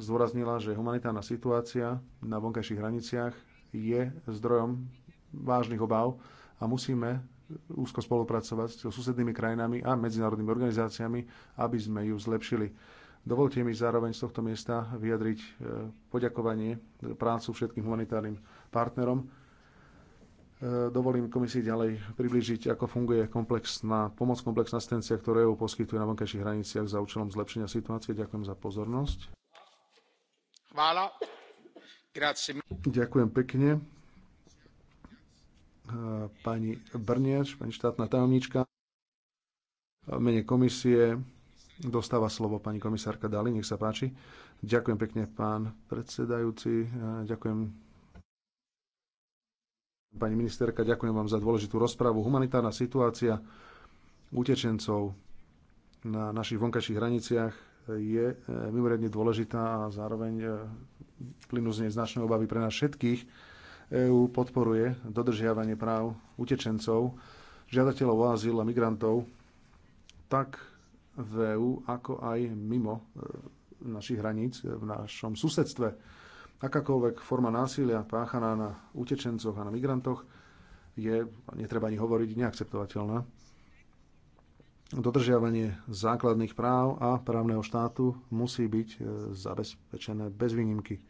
zdôraznila, že humanitárna situácia na vonkajších hraniciach je zdrojom vážnych obáv a musíme úzko spolupracovať so susednými krajinami a medzinárodnými organizáciami, aby sme ju zlepšili. Dovolte mi zároveň z tohto miesta vyjadriť e, poďakovanie e, prácu všetkým humanitárnym partnerom. E, dovolím komisii ďalej priblížiť, ako funguje komplexná pomoc, komplexná asistencia, ktorú EU poskytuje na vonkajších hraniciach za účelom zlepšenia situácie. Ďakujem za pozornosť. Ďakujem pekne. Pani Brnieš, pani štátna tajomnička, v mene komisie dostáva slovo pani komisárka Dali, nech sa páči. Ďakujem pekne, pán predsedajúci. Ďakujem Pani ministerka, ďakujem vám za dôležitú rozpravu. Humanitárna situácia utečencov na našich vonkajších hraniciach je e, mimoriadne dôležitá a zároveň e, plynú z nej značné obavy pre nás všetkých. EÚ podporuje dodržiavanie práv utečencov, žiadateľov o azyl a migrantov tak v EÚ, ako aj mimo e, našich hraníc, v našom susedstve. Akákoľvek forma násilia páchaná na utečencoch a na migrantoch je, netreba ani hovoriť, neakceptovateľná dodržiavanie základných práv a právneho štátu musí byť e, zabezpečené bez výnimky.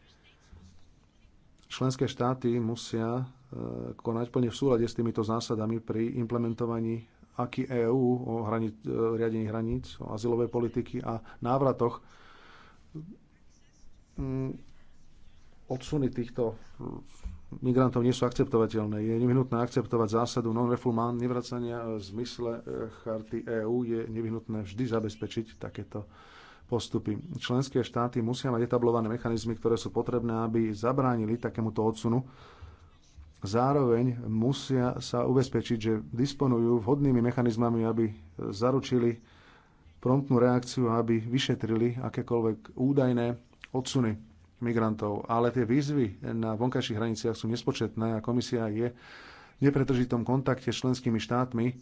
Členské štáty musia e, konať plne v súlade s týmito zásadami pri implementovaní aký EÚ o hrani, e, riadení hraníc, o azylovej politiky a návratoch odsuny týchto migrantov nie sú akceptovateľné. Je nevyhnutné akceptovať zásadu non-refoulement, nevracania e, v zmysle e, charty EÚ. Je nevyhnutné vždy zabezpečiť takéto postupy. Členské štáty musia mať etablované mechanizmy, ktoré sú potrebné, aby zabránili takémuto odsunu. Zároveň musia sa ubezpečiť, že disponujú vhodnými mechanizmami, aby zaručili promptnú reakciu, aby vyšetrili akékoľvek údajné odsuny migrantov. Ale tie výzvy na vonkajších hraniciach sú nespočetné a komisia je v nepretržitom kontakte s členskými štátmi,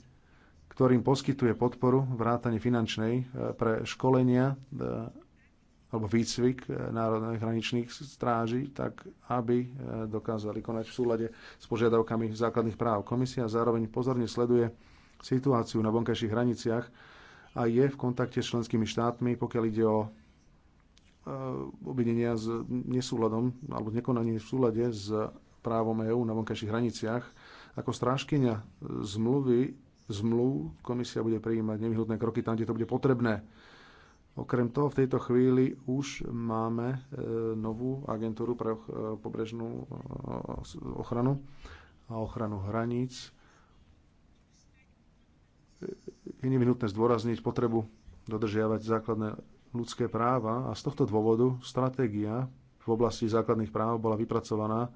ktorým poskytuje podporu vrátane finančnej e, pre školenia e, alebo výcvik e, národných hraničných stráží, tak aby dokázali konať v súlade s požiadavkami základných práv. Komisia zároveň pozorne sleduje situáciu na vonkajších hraniciach a je v kontakte s členskými štátmi, pokiaľ ide o E, obvinenia s nesúladom alebo nekonanie v súlade s právom EÚ na vonkajších hraniciach. Ako strážkyňa e, zmluvy, zmluv komisia bude prijímať nevyhnutné kroky tam, kde to bude potrebné. Okrem toho, v tejto chvíli už máme e, novú agentúru pre pobrežnú ochranu a ochranu hraníc. Je nevyhnutné zdôrazniť potrebu dodržiavať základné ľudské práva a z tohto dôvodu stratégia v oblasti základných práv bola vypracovaná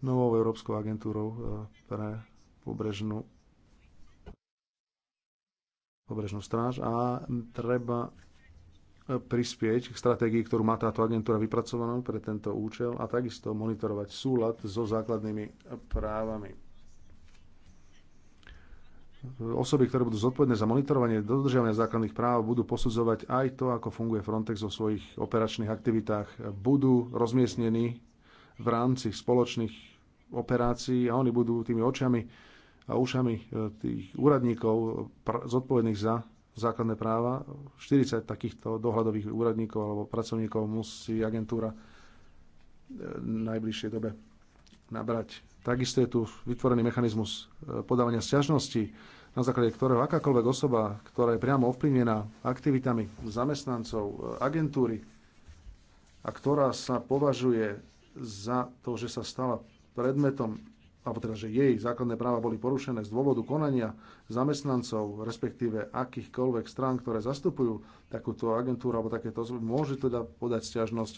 novou Európskou agentúrou e, pre pobrežnú pobrežnú stráž a treba e, prispieť k stratégii, ktorú má táto agentúra vypracovanú pre tento účel a takisto monitorovať súlad so základnými e, právami osoby, ktoré budú zodpovedné za monitorovanie dodržiavania základných práv, budú posudzovať aj to, ako funguje Frontex vo svojich operačných aktivitách. Budú rozmiestnení v rámci spoločných operácií a oni budú tými očami a ušami e, tých úradníkov zodpovedných za základné práva. 40 takýchto dohľadových úradníkov alebo pracovníkov musí agentúra e, v najbližšej dobe nabrať Takisto je tu vytvorený mechanizmus e, podávania sťažnosti, na základe ktorého akákoľvek osoba, ktorá je priamo ovplyvnená aktivitami zamestnancov e, agentúry a ktorá sa považuje za to, že sa stala predmetom, alebo teda, že jej základné práva boli porušené z dôvodu konania zamestnancov, respektíve akýchkoľvek strán, ktoré zastupujú takúto agentúru alebo takéto osoby, môže teda podať sťažnosť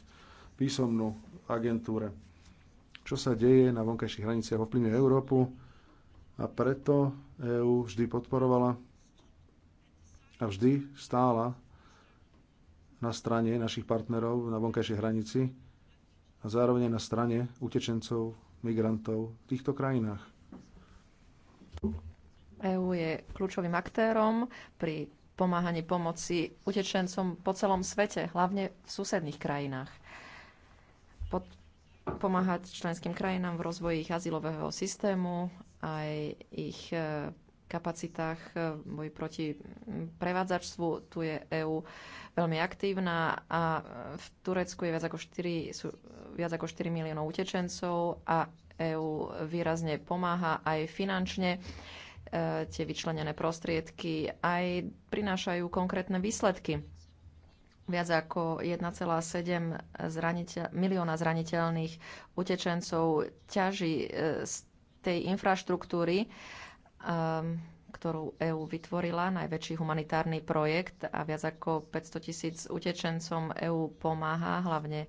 písomnú agentúre čo sa deje na vonkajších hraniciach ovplyvňuje Európu a preto EÚ vždy podporovala a vždy stála na strane našich partnerov na vonkajšej hranici a zároveň na strane utečencov, migrantov v týchto krajinách. EÚ je kľúčovým aktérom pri pomáhaní pomoci utečencom po celom svete, hlavne v susedných krajinách. Pod pomáhať členským krajinám v rozvoji ich azylového systému, aj ich e, kapacitách e, boji proti prevádzačstvu. Tu je EÚ veľmi aktívna a e, v Turecku je viac ako 4, sú viac ako 4 miliónov utečencov a EÚ výrazne pomáha aj finančne. tie vyčlenené prostriedky aj prinášajú konkrétne výsledky viac ako 1,7 zraniteľ, milióna zraniteľných utečencov ťaží e, z tej infraštruktúry, e, ktorú EÚ vytvorila, najväčší humanitárny projekt a viac ako 500 tisíc utečencom EÚ pomáha, hlavne e,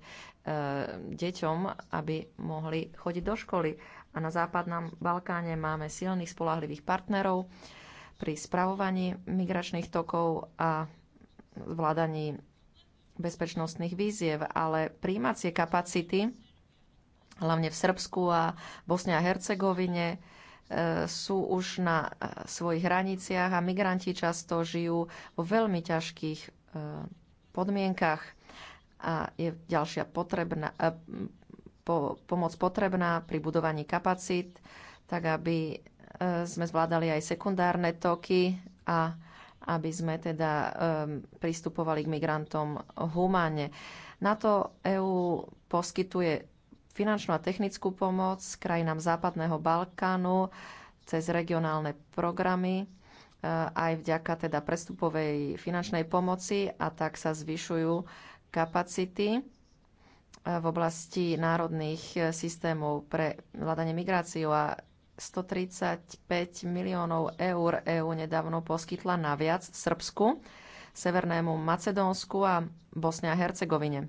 deťom, aby mohli chodiť do školy. A na západnom Balkáne máme silných spolahlivých partnerov pri spravovaní migračných tokov a zvládaní bezpečnostných výziev, ale príjmacie kapacity, hlavne v Srbsku a Bosne a Hercegovine, e, sú už na e, svojich hraniciach a migranti často žijú vo veľmi ťažkých e, podmienkach a je ďalšia potrebná, po, pomoc potrebná pri budovaní kapacít, tak aby sme zvládali aj sekundárne toky a aby sme teda um, pristupovali k migrantom humánne. Na to EÚ poskytuje finančnú a technickú pomoc krajinám Západného Balkánu cez regionálne programy e, aj vďaka teda prestupovej finančnej pomoci a tak sa zvyšujú kapacity e, v oblasti národných e, systémov pre hľadanie migráciu a 135 miliónov eur EÚ nedávno poskytla naviac Srbsku, Severnému Macedónsku a Bosne a Hercegovine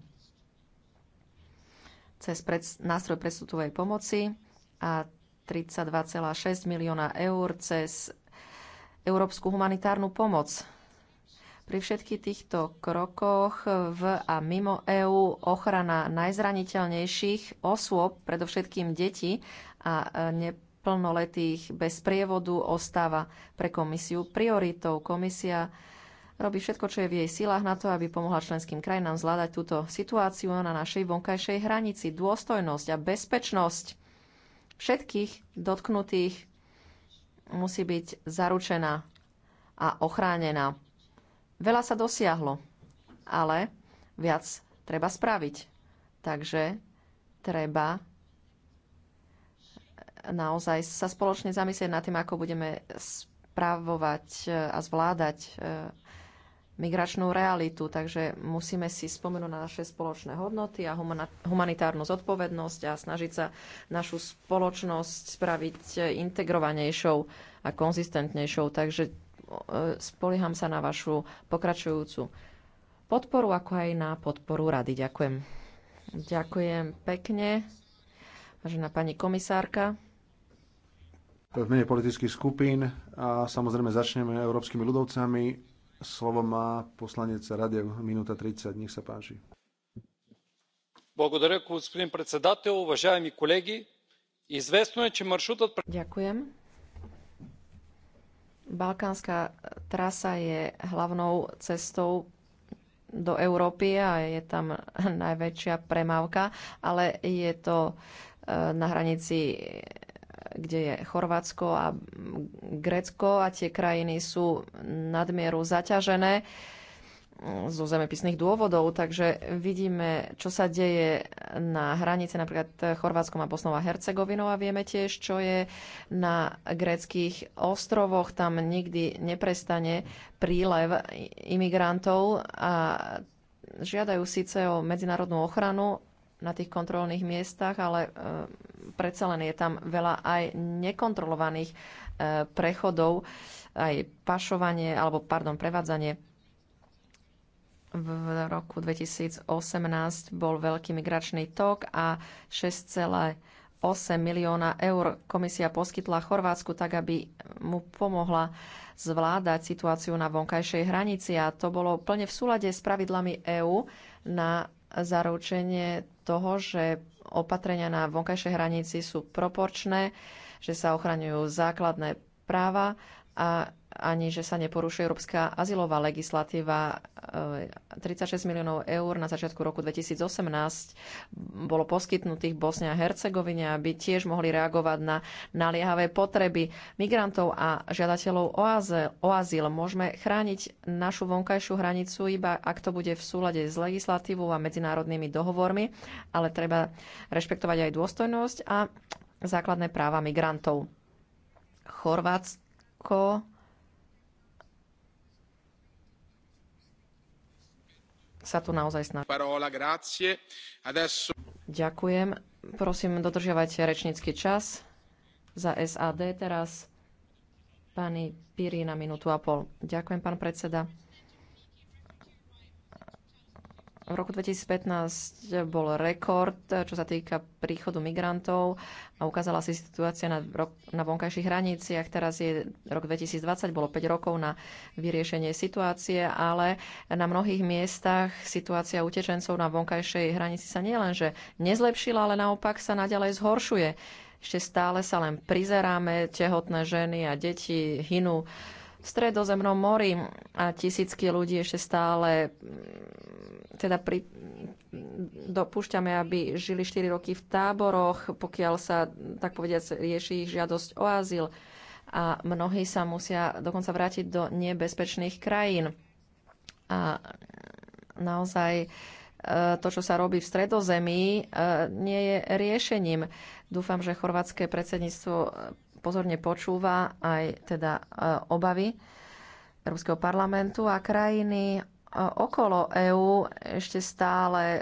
cez pred, nástroj predstupovej pomoci a 32,6 milióna eur cez Európsku humanitárnu pomoc. Pri všetkých týchto krokoch v a mimo EÚ ochrana najzraniteľnejších osôb, predovšetkým detí a ne, plnoletých bez prievodu ostáva pre komisiu prioritou. Komisia robí všetko, čo je v jej silách na to, aby pomohla členským krajinám zvládať túto situáciu na našej vonkajšej hranici. Dôstojnosť a bezpečnosť všetkých dotknutých musí byť zaručená a ochránená. Veľa sa dosiahlo, ale viac treba spraviť. Takže treba naozaj sa spoločne zamyslieť nad tým, ako budeme spravovať e, a zvládať e, migračnú realitu. Takže musíme si spomenúť na naše spoločné hodnoty a humanitárnu zodpovednosť a snažiť sa našu spoločnosť spraviť e, integrovanejšou a konzistentnejšou. Takže spolieham sa na vašu pokračujúcu podporu, ako aj na podporu rady. Ďakujem. Ďakujem pekne, vážená pani komisárka v mene politických skupín a samozrejme začneme európskymi ľudovcami. Slovo má poslanec Radev, minúta 30, nech sa páči. Ďakujem. Balkánska trasa je hlavnou cestou do Európy a je tam najväčšia premávka, ale je to na hranici kde je Chorvátsko a Grécko a tie krajiny sú nadmieru zaťažené zo zemepisných dôvodov, takže vidíme, čo sa deje na hranice napríklad Chorvátskom a Bosnou a Hercegovinou a vieme tiež, čo je na gréckých ostrovoch. Tam nikdy neprestane prílev imigrantov a žiadajú síce o medzinárodnú ochranu, na tých kontrolných miestach, ale e, predsa len je tam veľa aj nekontrolovaných e, prechodov, aj pašovanie, alebo pardon, prevádzanie. V roku 2018 bol veľký migračný tok a 6,8 milióna eur komisia poskytla Chorvátsku tak, aby mu pomohla zvládať situáciu na vonkajšej hranici a to bolo plne v súlade s pravidlami EÚ na zaručenie toho, že opatrenia na vonkajšej hranici sú proporčné, že sa ochraňujú základné práva a ani že sa neporušuje európska azylová legislatíva. 36 e, miliónov eur na začiatku roku 2018 bolo poskytnutých Bosne a Hercegovine, aby tiež mohli reagovať na naliehavé potreby migrantov a žiadateľov o azyl. O azyl. Môžeme chrániť našu vonkajšiu hranicu iba ak to bude v súlade s legislatívou a medzinárodnými dohovormi, ale treba rešpektovať aj dôstojnosť a základné práva migrantov. Chorvátsk ako sa tu naozaj snaží. Ďakujem. Prosím, dodržiavajte rečnícky čas. Za SAD teraz pani Piri na minútu a pol. Ďakujem, pán predseda. V roku 2015 bol rekord, čo sa týka príchodu migrantov a ukázala si situácia na, na vonkajších hraniciach. Teraz je rok 2020, bolo 5 rokov na vyriešenie situácie, ale na mnohých miestach situácia utečencov na vonkajšej hranici sa nielenže nezlepšila, ale naopak sa naďalej zhoršuje. Ešte stále sa len prizeráme, tehotné ženy a deti hynú v Stredozemnom mori a tisícky ľudí ešte stále mm, teda pri, dopúšťame, aby žili 4 roky v táboroch, pokiaľ sa, tak povediať, rieši ich žiadosť o azyl a mnohí sa musia dokonca vrátiť do nebezpečných krajín. A naozaj e, to, čo sa robí v stredozemí, e, nie je riešením. Dúfam, že chorvátske predsedníctvo pozorne počúva aj teda e, obavy Európskeho parlamentu a krajiny e, okolo EÚ ešte stále e,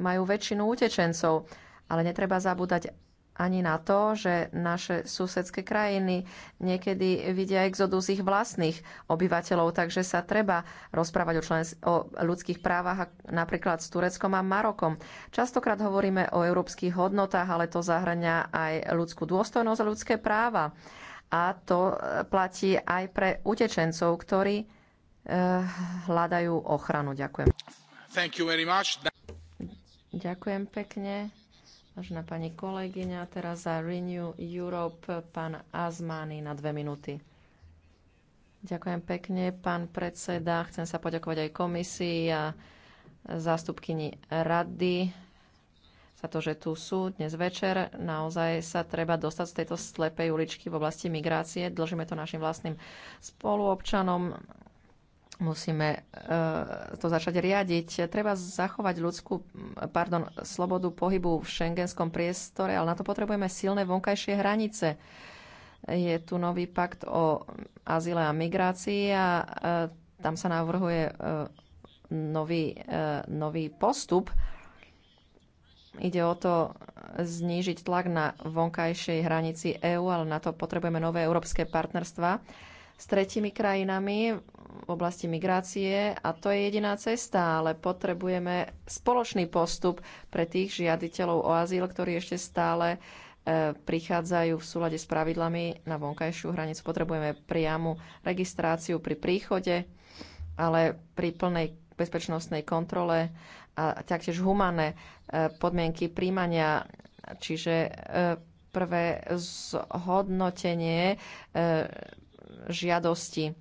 majú väčšinu utečencov. Ale netreba zabúdať ani na to, že naše susedské krajiny niekedy vidia exodus ich vlastných obyvateľov, takže sa treba rozprávať o, člen, o ľudských právach napríklad s Tureckom a Marokom. Častokrát hovoríme o európskych hodnotách, ale to zahrania aj ľudskú dôstojnosť a ľudské práva. A to e, platí aj pre utečencov, ktorí eh, hľadajú ochranu. Ďakujem. Ďakujem pekne. Vážená pani kolegyňa, teraz za Renew Europe pán Azmány na dve minúty. Ďakujem pekne, pán predseda. Chcem sa poďakovať aj komisii a zástupkyni rady za to, že tu sú dnes večer. Naozaj sa treba dostať z tejto slepej uličky v oblasti migrácie. Dlžíme to našim vlastným spoluobčanom musíme e, to začať riadiť. Treba zachovať ľudskú, pardon, slobodu pohybu v šengenskom priestore, ale na to potrebujeme silné vonkajšie hranice. Je tu nový pakt o azyle a migrácii a e, tam sa navrhuje e, nový, nový postup. Ide o to znížiť tlak na vonkajšej hranici EÚ, ale na to potrebujeme nové európske partnerstva s tretimi krajinami v oblasti migrácie a to je jediná cesta, ale potrebujeme spoločný postup pre tých žiaditeľov o azyl, ktorí ešte stále e, prichádzajú v súlade s pravidlami na vonkajšiu hranicu. Potrebujeme priamu registráciu pri príchode, ale pri plnej bezpečnostnej kontrole a taktiež humané e, podmienky príjmania, čiže e, prvé zhodnotenie žiadosti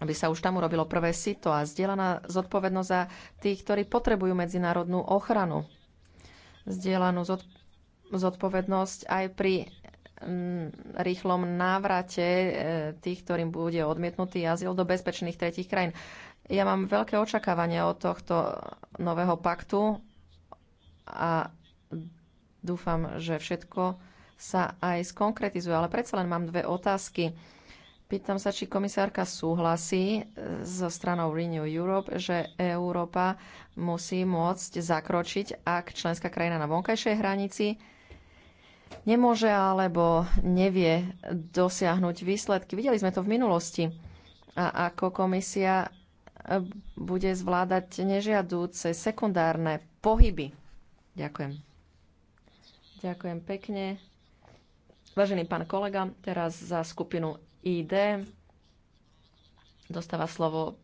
aby sa už tam urobilo prvé sito a zdieľaná zodpovednosť za tých, ktorí potrebujú medzinárodnú ochranu. Zdieľanú zodpovednosť aj pri mm, rýchlom návrate e, tých, ktorým bude odmietnutý azyl do bezpečných tretich krajín. Ja mám veľké očakávania od tohto nového paktu a dúfam, že všetko sa aj skonkretizuje. Ale predsa len mám dve otázky Pýtam sa, či komisárka súhlasí e, so stranou Renew Europe, že Európa musí môcť zakročiť, ak členská krajina na vonkajšej hranici nemôže alebo nevie dosiahnuť výsledky. Videli sme to v minulosti. A ako komisia e, bude zvládať nežiadúce sekundárne pohyby. Ďakujem. Ďakujem pekne. Vážený pán kolega, teraz za skupinu ID. Dostáva slovo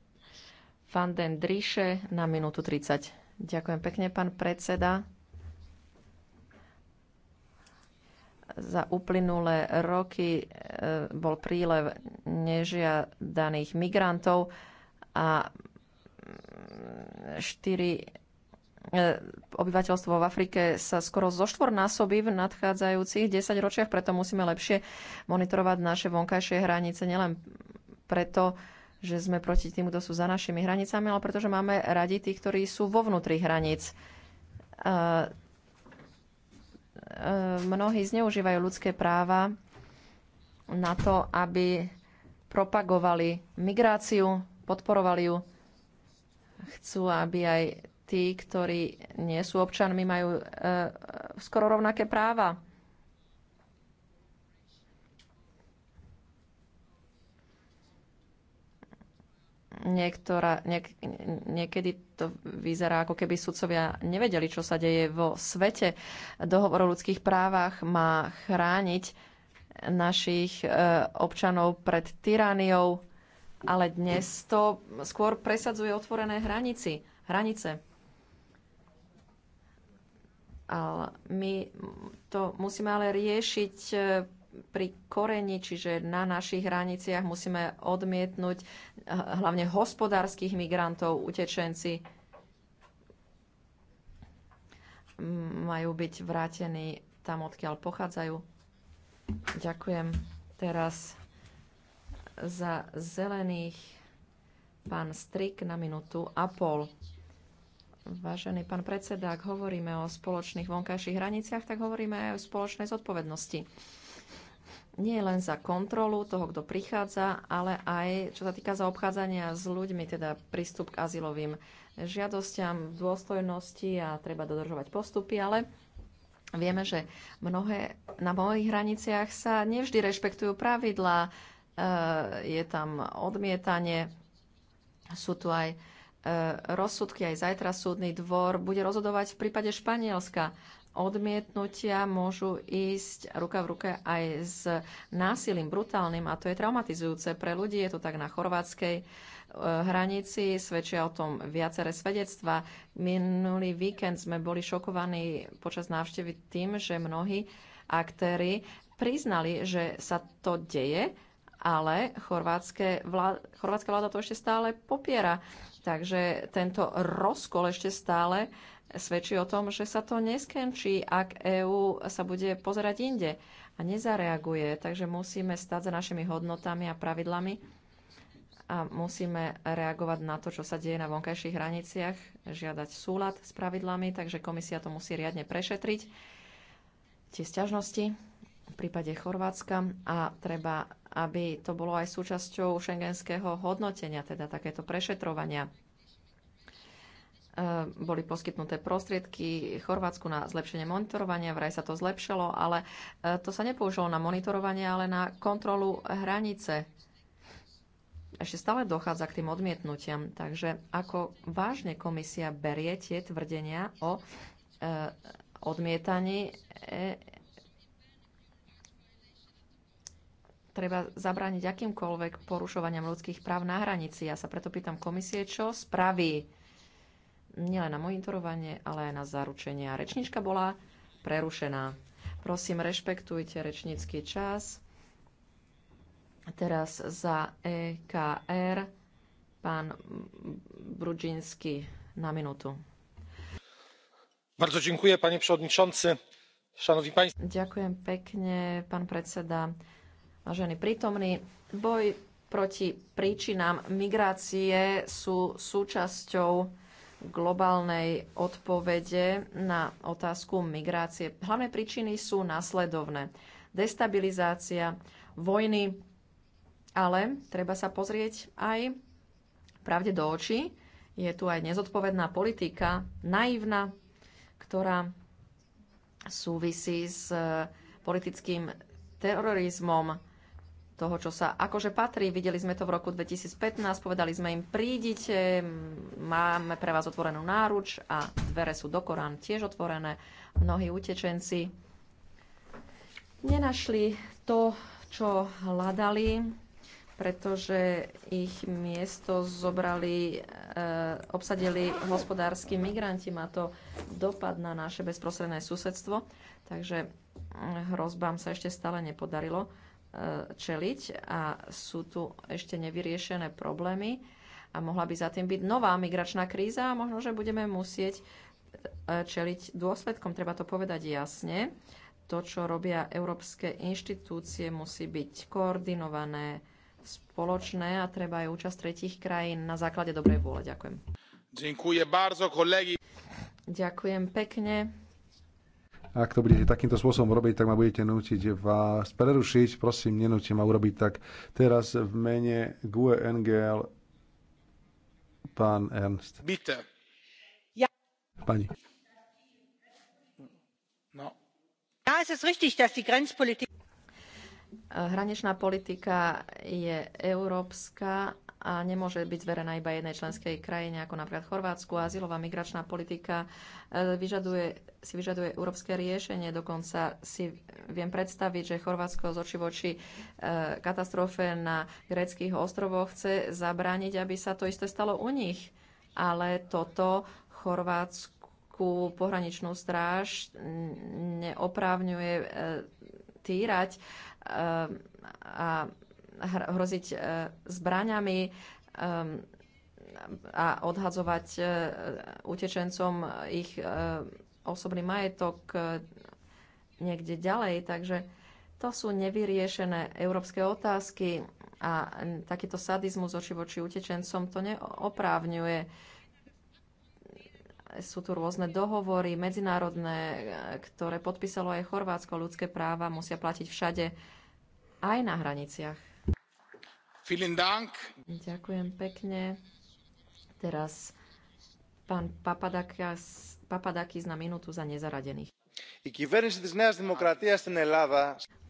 Van den Driše na minútu 30. Ďakujem pekne, pán predseda. Za uplynulé roky e, bol prílev nežiadaných migrantov a 4 obyvateľstvo v Afrike sa skoro zoštvornásobí v nadchádzajúcich 10 ročiach, preto musíme lepšie monitorovať naše vonkajšie hranice, nielen preto, že sme proti tým, kto sú za našimi hranicami, ale pretože máme radi tých, ktorí sú vo vnútri hraníc. E, e, mnohí zneužívajú ľudské práva na to, aby propagovali migráciu, podporovali ju. Chcú, aby aj tí, ktorí nie sú občanmi, majú e, skoro rovnaké práva. niektorá, niek, niekedy to vyzerá, ako keby sudcovia nevedeli, čo sa deje vo svete. Dohovor o ľudských právach má chrániť našich e, občanov pred tyraniou, ale dnes to skôr presadzuje otvorené hranici, hranice my to musíme ale riešiť e, pri koreni, čiže na našich hraniciach musíme odmietnúť e, hlavne hospodárskych migrantov, utečenci majú byť vrátení tam, odkiaľ pochádzajú. Ďakujem teraz za zelených pán Strik na minútu a pol. Vážený pán predseda, ak hovoríme o spoločných vonkajších hraniciach, tak hovoríme aj o spoločnej zodpovednosti. Nie len za kontrolu toho, kto prichádza, ale aj čo sa týka zaobchádzania s ľuďmi, teda prístup k azylovým žiadostiam, dôstojnosti a treba dodržovať postupy, ale vieme, že mnohé na mnohých hraniciach sa nevždy rešpektujú pravidlá, e, je tam odmietanie, sú tu aj E, rozsudky. Aj zajtra súdny dvor bude rozhodovať v prípade Španielska. Odmietnutia môžu ísť ruka v ruke aj s násilím brutálnym a to je traumatizujúce pre ľudí. Je to tak na chorvátskej e, hranici, svedčia o tom viaceré svedectva. Minulý víkend sme boli šokovaní počas návštevy tým, že mnohí aktéry priznali, že sa to deje, ale chorvátske vláda, chorvátska vláda to ešte stále popiera. Takže tento rozkol ešte stále svedčí o tom, že sa to neskenčí, ak EÚ sa bude pozerať inde a nezareaguje. Takže musíme stať za našimi hodnotami a pravidlami a musíme reagovať na to, čo sa deje na vonkajších hraniciach, žiadať súlad s pravidlami, takže komisia to musí riadne prešetriť, tie sťažnosti v prípade Chorvátska a treba aby to bolo aj súčasťou šengenského hodnotenia, teda takéto prešetrovania. E, boli poskytnuté prostriedky Chorvátsku na zlepšenie monitorovania, vraj sa to zlepšilo, ale e, to sa nepoužilo na monitorovanie, ale na kontrolu hranice. Ešte stále dochádza k tým odmietnutiam, takže ako vážne komisia berie tie tvrdenia o e, odmietaní treba zabrániť akýmkoľvek porušovaniam ľudských práv na hranici. Ja sa preto pýtam komisie, čo spraví nielen na monitorovanie, ale aj na zaručenie. A rečnička bola prerušená. Prosím, rešpektujte rečnícky čas. teraz za EKR pán Brudžinsky na minútu. Bardzo dziękuję, panie przewodniczący. Szanowni państwo. Ďakujem pekne, pán predseda. Vážení prítomní, boj proti príčinám migrácie sú súčasťou globálnej odpovede na otázku migrácie. Hlavné príčiny sú následovné. Destabilizácia, vojny, ale treba sa pozrieť aj pravde do očí. Je tu aj nezodpovedná politika, naivná, ktorá súvisí s eh, politickým terorizmom, toho, čo sa akože patrí. Videli sme to v roku 2015, povedali sme im, prídite, máme pre vás otvorenú náruč a dvere sú do Korán tiež otvorené. Mnohí utečenci nenašli to, čo hľadali, pretože ich miesto zobrali, e, obsadili hospodárski migranti. Má to dopad na naše bezprostredné susedstvo, takže hm, hrozbám sa ešte stále nepodarilo E, čeliť a sú tu ešte nevyriešené problémy a mohla by za tým byť nová migračná kríza a možno, že budeme musieť e, čeliť dôsledkom. Treba to povedať jasne. To, čo robia európske inštitúcie, musí byť koordinované, spoločné a treba aj účasť tretich krajín na základe dobrej vôle. Ďakujem. Ďakujem bardzo, kolegi. Ďakujem pekne. Ak to budete takýmto spôsobom robiť, tak ma budete nútiť vás prerušiť. Prosím, nenúte ma urobiť tak. Teraz v mene GUE NGL pán Ernst. Bitte. Ja. Pani. No. Ja, es ist richtig, dass die Grenzpolitik Hranečná politika je európska a nemôže byť zverená iba jednej členskej krajine, ako napríklad Chorvátsku. Azylová migračná politika e, vyžaduje, si vyžaduje európske riešenie. Dokonca si viem predstaviť, že Chorvátsko z oči voči e, katastrofe na greckých ostrovoch chce zabrániť, aby sa to isté stalo u nich. Ale toto Chorvátsku pohraničnú stráž neoprávňuje e, týrať a hroziť e, zbraňami ehm, a odhadzovať e, utečencom ich e, osobný majetok niekde ďalej. Takže to sú nevyriešené európske otázky a takýto sadizmus oči voči utečencom to neoprávňuje. Sú tu rôzne dohovory medzinárodné, ktoré podpísalo aj Chorvátsko. Ľudské práva musia platiť všade, aj na hraniciach. Ďakujem pekne. Teraz pán Papadakis, Papadakis na minútu za nezaradených.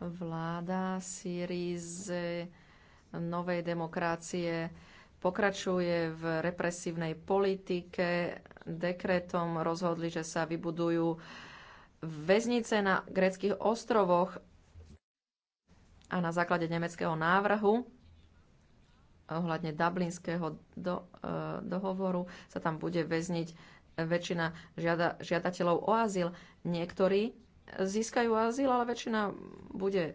Vláda Syrizy novej demokracie pokračuje v represívnej politike. Dekretom rozhodli, že sa vybudujú väznice na greckých ostrovoch a na základe nemeckého návrhu ohľadne Dublinského do, e, dohovoru sa tam bude väzniť väčšina žiada, žiadateľov o azyl. Niektorí získajú azyl, ale väčšina bude e,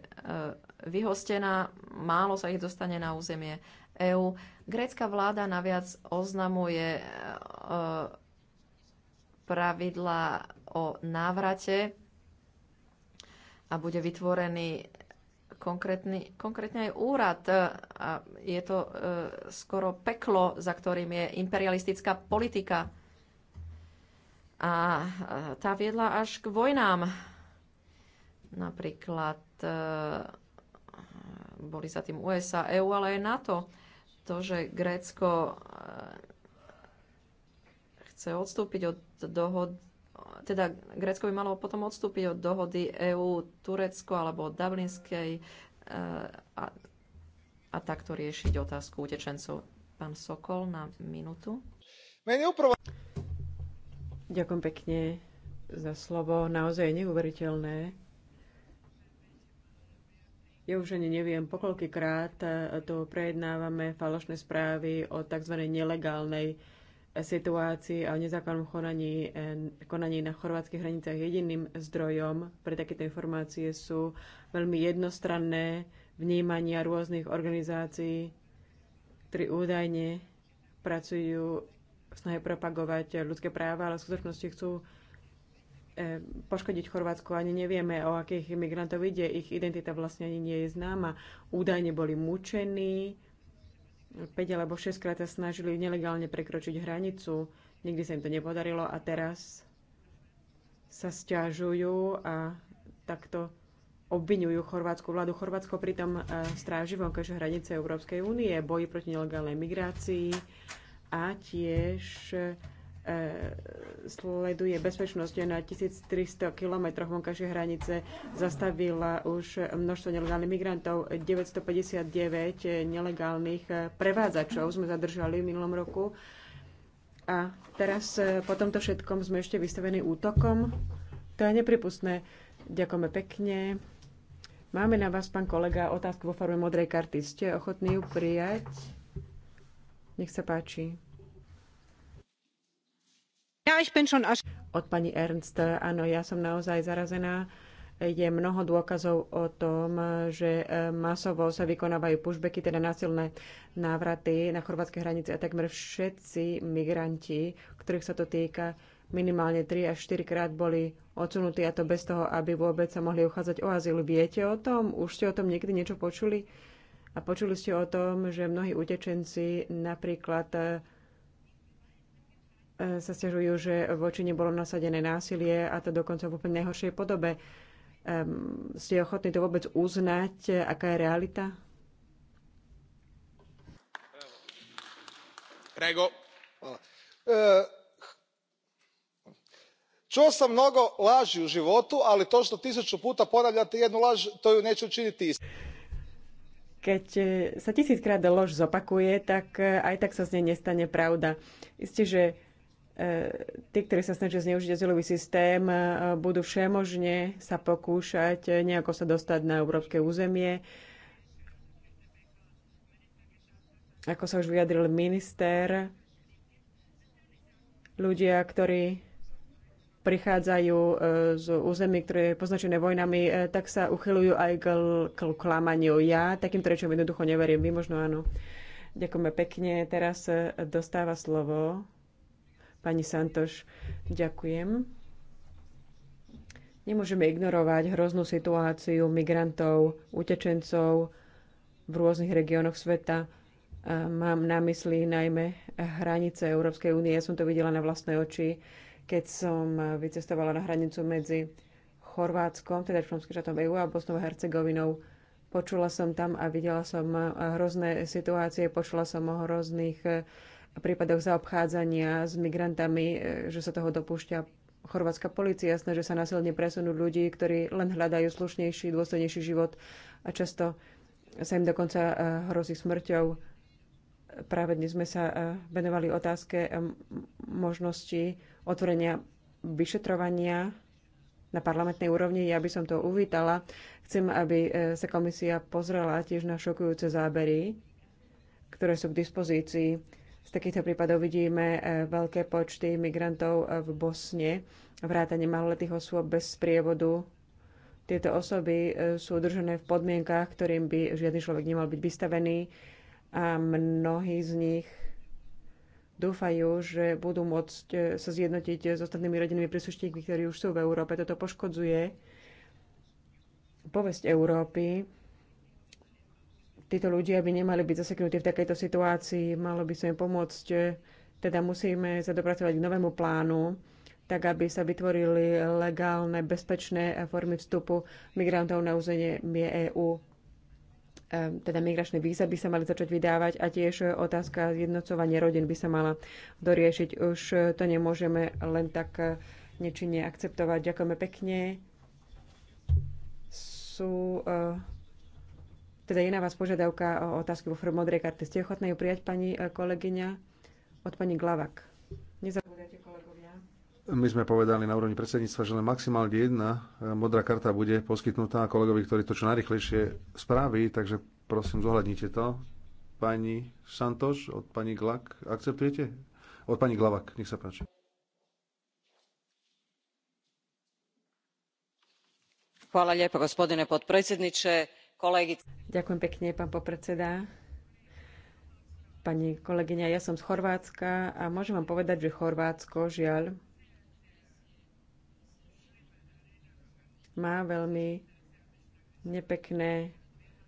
vyhostená, málo sa ich dostane na územie EÚ. Grécka vláda naviac oznamuje e, pravidla o návrate a bude vytvorený konkrétny, konkrétne aj úrad. E, a je to e, skoro peklo, za ktorým je imperialistická politika. A e, tá viedla až k vojnám. Napríklad boli za tým USA, EU, ale aj NATO. To, že Grécko chce odstúpiť od dohod teda Grécko by malo potom odstúpiť od dohody EÚ, Turecko alebo od Dublinskej e, a, a takto riešiť otázku utečencov. Pán Sokol na minútu. Ďakujem pekne za slovo. Naozaj neuveriteľné. Ja už ani neviem, pokoľkýkrát e, tu prejednávame falošné správy o tzv. nelegálnej situácii a o nezákonnom konaní, eh, konaní na chorvátskych hranicách. Jediným zdrojom pre takéto informácie sú veľmi jednostranné vnímania rôznych organizácií, ktorí údajne pracujú v snahe propagovať ľudské práva, ale v skutočnosti chcú eh, poškodiť Chorvátsko. Ani nevieme, o akých imigrantov ide. Ich identita vlastne ani nie je známa. Údajne boli mučení, 5 alebo 6 krát sa snažili nelegálne prekročiť hranicu, nikdy sa im to nepodarilo a teraz sa stiažujú a takto obvinujú chorvátsku vládu. Chorvátsko pritom e, stráži vonkajšie hranice Európskej únie, boji proti nelegálnej migrácii a tiež E, sleduje bezpečnosť na 1300 km vonkajšej hranice, zastavila už množstvo nelegálnych migrantov, 959 nelegálnych prevádzačov sme zadržali v minulom roku. A teraz e, po tomto všetkom sme ešte vystavení útokom. To je nepripustné. Ďakujeme pekne. Máme na vás, pán kolega, otázku vo forme modrej karty. Ste ochotní ju prijať? Nech sa páči. Od pani Ernst, áno, ja som naozaj zarazená. Je mnoho dôkazov o tom, že e, masovo sa vykonávajú pushbacky, teda násilné návraty na chorvátske hranice a takmer všetci migranti, ktorých sa to týka, minimálne 3 až 4 krát boli odsunutí a to bez toho, aby vôbec sa mohli uchádzať o azyl. Viete o tom? Už ste o tom niekedy niečo počuli? A počuli ste o tom, že mnohí utečenci napríklad sa stiažujú, že voči nebolo nasadené násilie a to dokonca v úplne najhoršej podobe. Um, ste ochotní to vôbec uznať, aká je realita? Prego. E, Čo sa mnogo laži u životu, ali to što tisuću puta ponavljate jednu laž, to ju neće učiniti isto. Keď e, sa tisíckrát lož zopakuje, tak e, aj tak sa z nej nestane pravda. Isté, že E, tí, ktorí sa snažia zneužiť azylový systém, e, budú všemožne sa pokúšať nejako sa dostať na európske územie. Ako sa už vyjadril minister, ľudia, ktorí prichádzajú e, z území, ktoré je poznačené vojnami, tak sa uchylujú aj k, k klamaniu. Ja takýmto rečom jednoducho neverím. Vy možno áno. Ďakujeme pekne. Teraz dostáva slovo Pani Santoš, ďakujem. Nemôžeme ignorovať hroznú situáciu migrantov, utečencov v rôznych regiónoch sveta. Mám na mysli najmä hranice Európskej únie. Ja som to videla na vlastné oči, keď som vycestovala na hranicu medzi Chorvátskom, teda členským štátom EU a Bosnou a Hercegovinou. Počula som tam a videla som hrozné situácie, počula som o hrozných prípadoch zaobchádzania s migrantami, e, že sa toho dopúšťa chorvátska policia, snaží sa násilne presunúť ľudí, ktorí len hľadajú slušnejší, dôstojnejší život a často sa im dokonca e, hrozí smrťou. Práve dnes sme sa e, venovali otázke možnosti otvorenia vyšetrovania na parlamentnej úrovni. Ja by som to uvítala. Chcem, aby sa komisia pozrela tiež na šokujúce zábery, ktoré sú k dispozícii z takýchto prípadov vidíme e, veľké počty migrantov e, v Bosne, vrátane maloletých osôb bez sprievodu. Tieto osoby e, sú udržené v podmienkách, ktorým by žiadny človek nemal byť vystavený a mnohí z nich dúfajú, že budú môcť sa zjednotiť s ostatnými rodinnými príslušníkmi, ktorí už sú v Európe. Toto poškodzuje povesť Európy, títo ľudia by nemali byť zaseknutí v takejto situácii, malo by sa im pomôcť. E, teda musíme sa dopracovať k novému plánu, tak aby sa vytvorili legálne, bezpečné formy vstupu migrantov na územie EÚ. E, teda migračné víza by sa mali začať vydávať a tiež otázka zjednocovania rodín by sa mala doriešiť. Už to nemôžeme len tak e, nečinne akceptovať. Ďakujeme pekne. Sú teda je na vás požiadavka o otázky vo forme modrej karty. Ste ochotná ju prijať, pani e, kolegyňa, od pani Glavak? Nezabudajte, kolegovia. My sme povedali na úrovni predsedníctva, že len maximálne jedna e, modrá karta bude poskytnutá kolegovi, ktorý to čo najrychlejšie spraví, takže prosím, zohľadnite to. Pani Santoš od pani Glak, akceptujete? Od pani Glavak, nech sa páči. Hvala lijepo, gospodine podpredsjedniče kolegy. Ďakujem pekne, pán popredseda. Pani kolegyňa, ja som z Chorvátska a môžem vám povedať, že Chorvátsko, žiaľ, má veľmi nepekné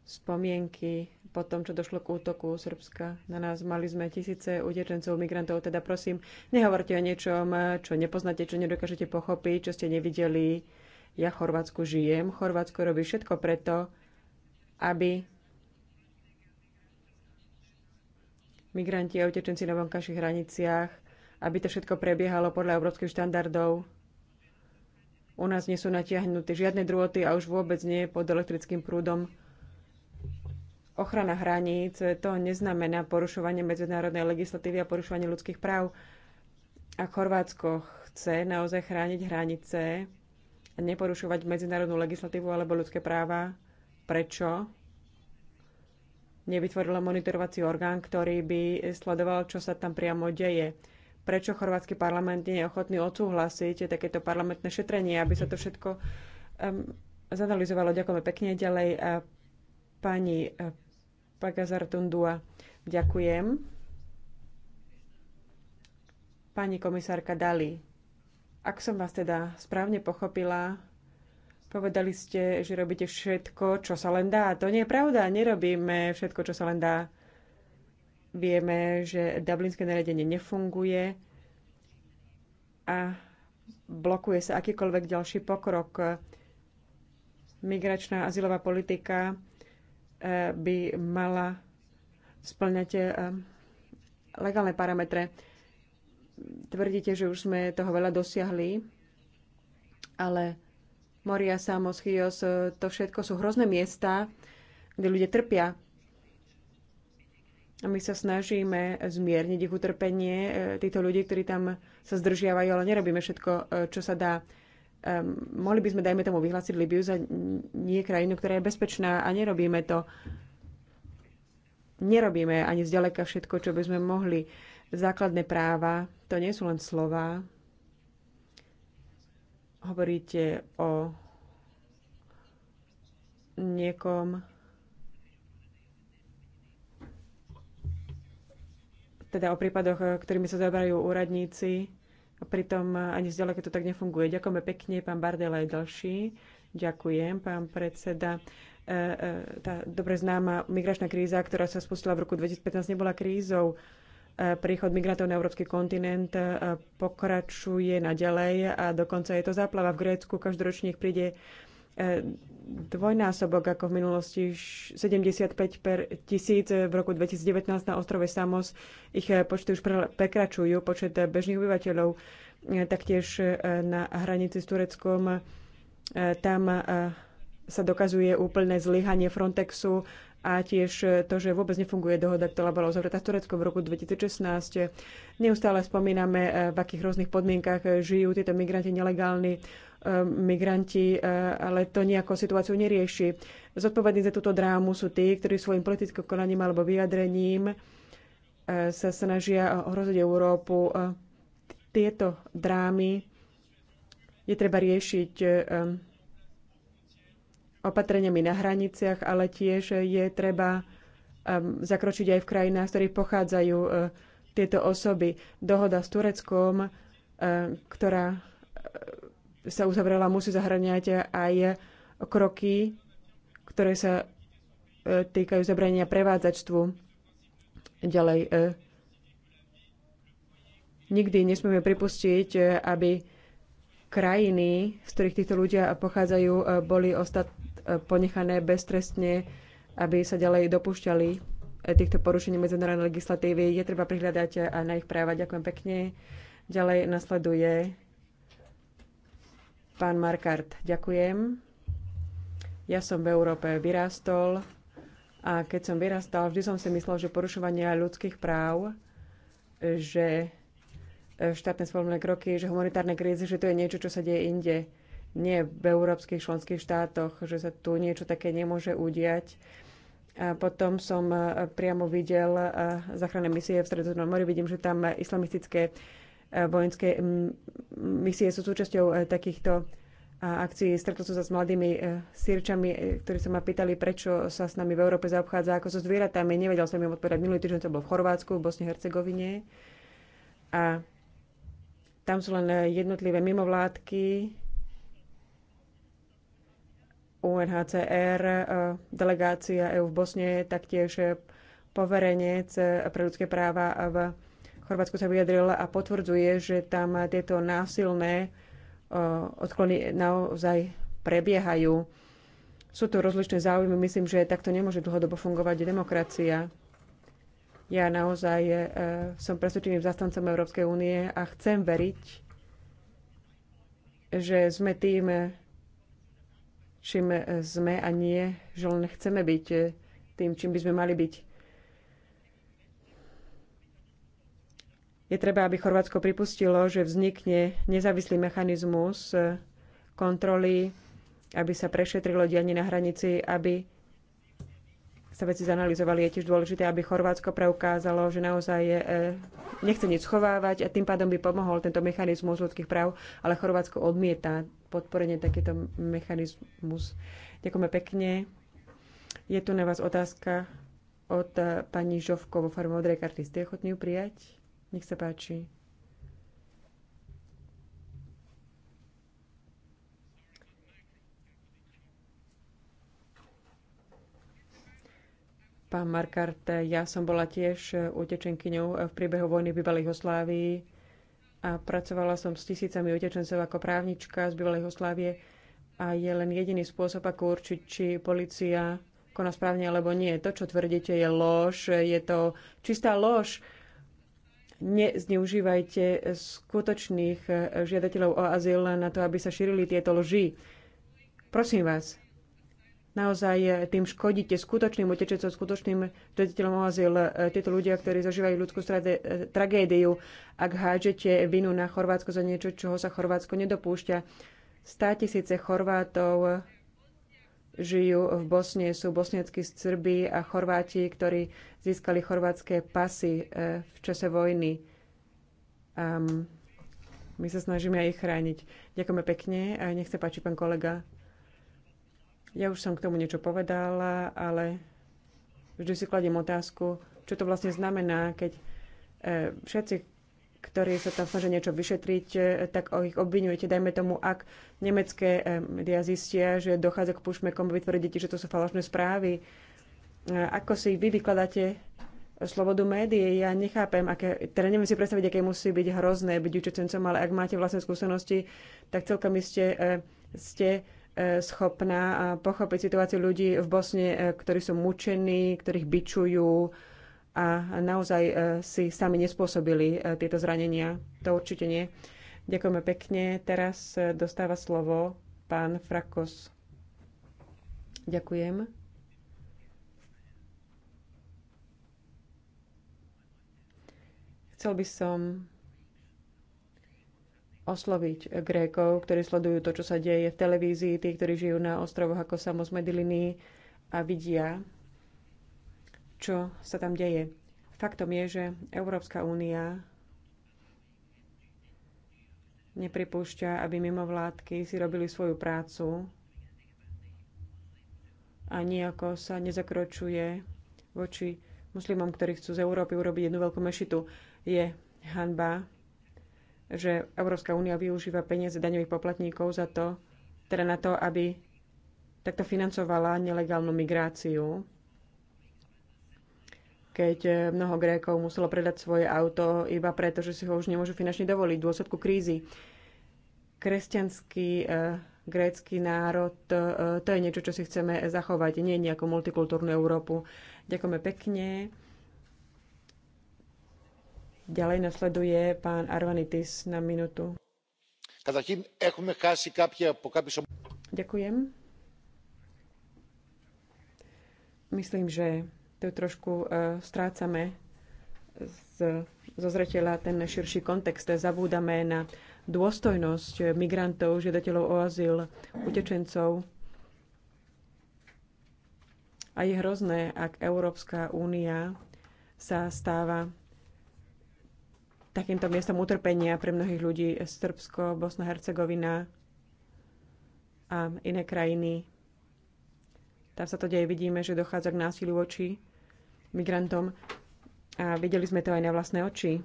spomienky po tom, čo došlo k útoku Srbska na nás. Mali sme tisíce utečencov, migrantov, teda prosím, nehovorte o niečom, čo nepoznáte, čo nedokážete pochopiť, čo ste nevideli. Ja Chorvátsku žijem, Chorvátsko robí všetko preto, aby migranti a utečenci na vonkajších hraniciach, aby to všetko prebiehalo podľa európskych štandardov. U nás nie sú natiahnuté žiadne drôty a už vôbec nie pod elektrickým prúdom. Ochrana hraníc to neznamená porušovanie medzinárodnej legislatívy a porušovanie ľudských práv. Ak Chorvátsko chce naozaj chrániť hranice a neporušovať medzinárodnú legislatívu alebo ľudské práva, prečo nevytvorila monitorovací orgán, ktorý by sledoval, čo sa tam priamo deje. Prečo chorvátsky parlament nie je ochotný odsúhlasiť takéto parlamentné šetrenie, aby sa to všetko um, zanalizovalo. Ďakujeme pekne. Ďalej a eh, pani eh, Pagazar Tundua. Ďakujem. Pani komisárka Dali, ak som vás teda správne pochopila, Povedali ste, že robíte všetko, čo sa len dá. To nie je pravda, nerobíme všetko, čo sa len dá. Vieme, že dublinské nariadenie nefunguje a blokuje sa akýkoľvek ďalší pokrok. Migračná azylová politika eh, by mala splňať eh, legálne parametre. Tvrdíte, že už sme toho veľa dosiahli, ale Moria Samos, Chios, e, to všetko sú hrozné miesta, kde ľudia trpia. A my sa snažíme zmierniť ich utrpenie, e, týchto ľudí, ktorí tam sa zdržiavajú, ale nerobíme všetko, e, čo sa dá. Um, mohli by sme, dajme tomu, vyhlásiť Libiu za nie krajinu, ktorá je bezpečná a nerobíme to. Nerobíme ani zďaleka všetko, čo by sme mohli. Základné práva, to nie sú len slova, Hovoríte o niekom, teda o prípadoch, ktorými sa zaoberajú úradníci. A pritom ani zďaleka to tak nefunguje. Ďakujeme pekne, pán Bardela je ďalší. Ďakujem, pán predseda. E, e, tá dobre známa migračná kríza, ktorá sa spustila v roku 2015, nebola krízou. E, príchod migrantov na európsky kontinent e, pokračuje naďalej a dokonca je to záplava v Grécku. Každoročne ich príde e, dvojnásobok ako v minulosti 75 per tisíc v roku 2019 na ostrove Samos. Ich počty už prekračujú počet bežných obyvateľov. Taktiež na hranici s Tureckom tam sa dokazuje úplné zlyhanie Frontexu a tiež to, že vôbec nefunguje dohoda, ktorá bola uzavretá s Tureckom v roku 2016. Neustále spomíname, eh, v akých rôznych podmienkach eh, žijú tieto migranti nelegálni eh, migranti, ale to nejako situáciu nerieši. Zodpovední za túto drámu sú tí, ktorí svojim politickým konaním alebo vyjadrením sa snažia ohroziť Európu. Tieto drámy je treba riešiť opatreniami na hraniciach, ale tiež je treba um, zakročiť aj v krajinách, z ktorých pochádzajú uh, tieto osoby. Dohoda s Tureckom, uh, ktorá uh, sa uzavrela, musí zahraniať aj kroky, ktoré sa týkajú zabrania prevádzačstvu. Ďalej, nikdy nesmieme pripustiť, aby krajiny, z ktorých títo ľudia pochádzajú, boli ostatní ponechané beztrestne, aby sa ďalej dopúšťali eh, týchto porušení medzinárodnej legislatívy. Je treba prihľadať aj na ich práva. Ďakujem pekne. Ďalej nasleduje pán Markart. Ďakujem. Ja som v Európe vyrástol a keď som vyrastal, vždy som si myslel, že porušovanie ľudských práv, že eh, štátne spolné kroky, že humanitárne krízy, že to je niečo, čo sa deje inde nie v európskych členských štátoch, že sa tu niečo také nemôže udiať. A potom som e, priamo videl e, záchranné misie v Stredozemnom mori. Vidím, že tam islamistické e, vojenské misie sú súčasťou takýchto akcií. Stretol som sa s mladými sírčami, ktorí sa ma pýtali, prečo sa s nami v Európe zaobchádza ako so zvieratami. Nevedel som im odpovedať. Minulý týždeň to bol v Chorvátsku, v Bosne Hercegovine. A tam sú len jednotlivé mimovládky, UNHCR, e, delegácia EU v Bosne, taktiež poverenec pre ľudské práva v Chorvátsku sa vyjadril a potvrdzuje, že tam tieto násilné e, odklony naozaj prebiehajú. Sú to rozličné záujmy, myslím, že takto nemôže dlhodobo fungovať demokracia. Ja naozaj e, som presvedčeným zastancom Európskej únie a chcem veriť, že sme tým čím sme a nie, že len chceme byť tým, čím by sme mali byť. Je treba, aby Chorvátsko pripustilo, že vznikne nezávislý mechanizmus kontroly, aby sa prešetrilo dianie na hranici, aby sa veci zanalizovali. Je tiež dôležité, aby Chorvátsko preukázalo, že naozaj je, e, nechce nič schovávať a tým pádom by pomohol tento mechanizmus ľudských práv, ale Chorvátsko odmieta podporenie takýto mechanizmus. Ďakujeme pekne. Je tu na vás otázka od e, pani Žovko vo farme Odrej Karty. Ste ochotní ju prijať? Nech sa páči. Pán Markart, ja som bola tiež e, utečenkyňou e, v priebehu vojny v bývalej Jugoslávii a pracovala som s tisícami utečencov ako právnička z bývalej Jugoslávie a je len jediný spôsob, ako určiť, či policia koná správne alebo nie. To, čo tvrdíte, je lož, je to čistá lož. Nezneužívajte skutočných e, žiadateľov o azyl na to, aby sa šírili tieto loži. Prosím vás, naozaj e, tým škodíte skutočným utečencom, skutočným žiadateľom o azyl, e, títo ľudia, ktorí zažívajú ľudskú e, tragédiu, ak hádžete vinu na Chorvátsko za niečo, čoho sa Chorvátsko nedopúšťa. Stá tisíce Chorvátov žijú v Bosne, sú z Srbi a Chorváti, ktorí získali chorvátske pasy v čase vojny. Um, my sa snažíme aj ich chrániť. Ďakujeme pekne. Nech sa páči, pán kolega. Ja už som k tomu niečo povedala, ale vždy si kladiem otázku, čo to vlastne znamená, keď e, všetci, ktorí sa tam snažia niečo vyšetriť, e, tak o ich obvinujete. Dajme tomu, ak nemecké e, médiá zistia, že dochádza k pušmekom, vytvrdíte, že to sú falošné správy. Ako si vy vykladáte slobodu médií? Ja nechápem, aké, teda neviem si predstaviť, aké musí byť hrozné byť učencom, ale ak máte vlastné skúsenosti, tak celkom iste ste E, schopná pochopiť situáciu ľudí v Bosne, e, ktorí sú mučení, ktorých bičujú a naozaj e, si sami nespôsobili tieto zranenia. To určite nie. Ďakujeme pekne. Teraz dostáva slovo pán Frakos. Ďakujem. Chcel by som osloviť Grékov, ktorí sledujú to, čo sa deje v televízii, tí, ktorí žijú na ostrovoch ako Samos Mediliny a vidia, čo sa tam deje. Faktom je, že Európska únia nepripúšťa, aby mimovládky si robili svoju prácu a nejako sa nezakročuje voči muslimom, ktorí chcú z Európy urobiť jednu veľkú mešitu. Je hanba, že Európska únia využíva peniaze daňových poplatníkov za to, teda na to, aby takto financovala nelegálnu migráciu, keď eh, mnoho Grékov muselo predať svoje auto iba preto, že si ho už nemôžu finančne dovoliť v dôsledku krízy. Kresťanský e, grécky národ, e, to je niečo, čo si chceme zachovať, nie nejakú multikultúrnu Európu. Ďakujeme pekne. Ďalej nasleduje pán Arvanitis na minútu. Ďakujem. Myslím, že to trošku e, strácame z, zo zretela ten širší kontext. Zabúdame na dôstojnosť migrantov, žiadateľov o azyl, utečencov. A je hrozné, ak Európska únia sa stáva takýmto miestom utrpenia pre mnohých ľudí Srbsko, Bosna, Hercegovina a iné krajiny. Tam sa to deje, vidíme, že dochádza k násiliu voči migrantom a videli sme to aj na vlastné oči.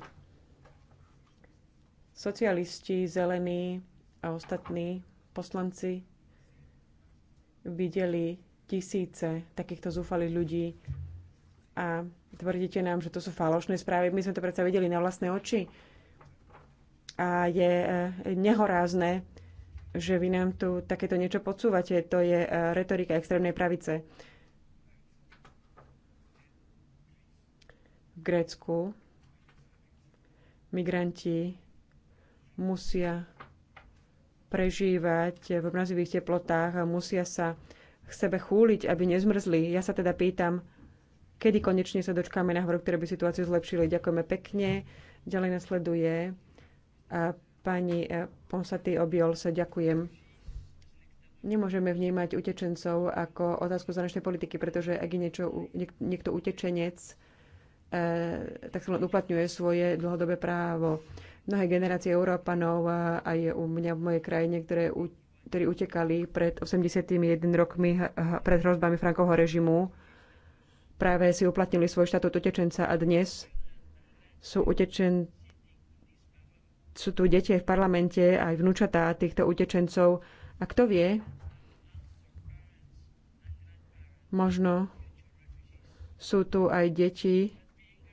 Socialisti, zelení a ostatní poslanci videli tisíce takýchto zúfalých ľudí a tvrdíte nám, že to sú falošné správy. My sme to predsa videli na vlastné oči. A je e, nehorázne, že vy nám tu takéto niečo podsúvate. To je e, retorika extrémnej pravice. V Grécku migranti musia prežívať v obrazivých teplotách, musia sa k sebe chúliť, aby nezmrzli. Ja sa teda pýtam, kedy konečne sa dočkáme na ktoré by situáciu zlepšili. Ďakujeme pekne. Ďalej nasleduje a pani e, Ponsaty Obiol sa ďakujem. Nemôžeme vnímať utečencov ako otázku zahraničnej politiky, pretože ak je niečo, niek, niekto utečenec, e, tak sa len uplatňuje svoje dlhodobé právo. Mnohé generácie Európanov, a aj u mňa v mojej krajine, ktoré, ktorí utekali pred 81 rokmi pred hrozbami Frankovho režimu, práve si uplatnili svoj štatút utečenca a dnes sú utečen... sú tu deti aj v parlamente, aj vnúčatá týchto utečencov. A kto vie, možno sú tu aj deti,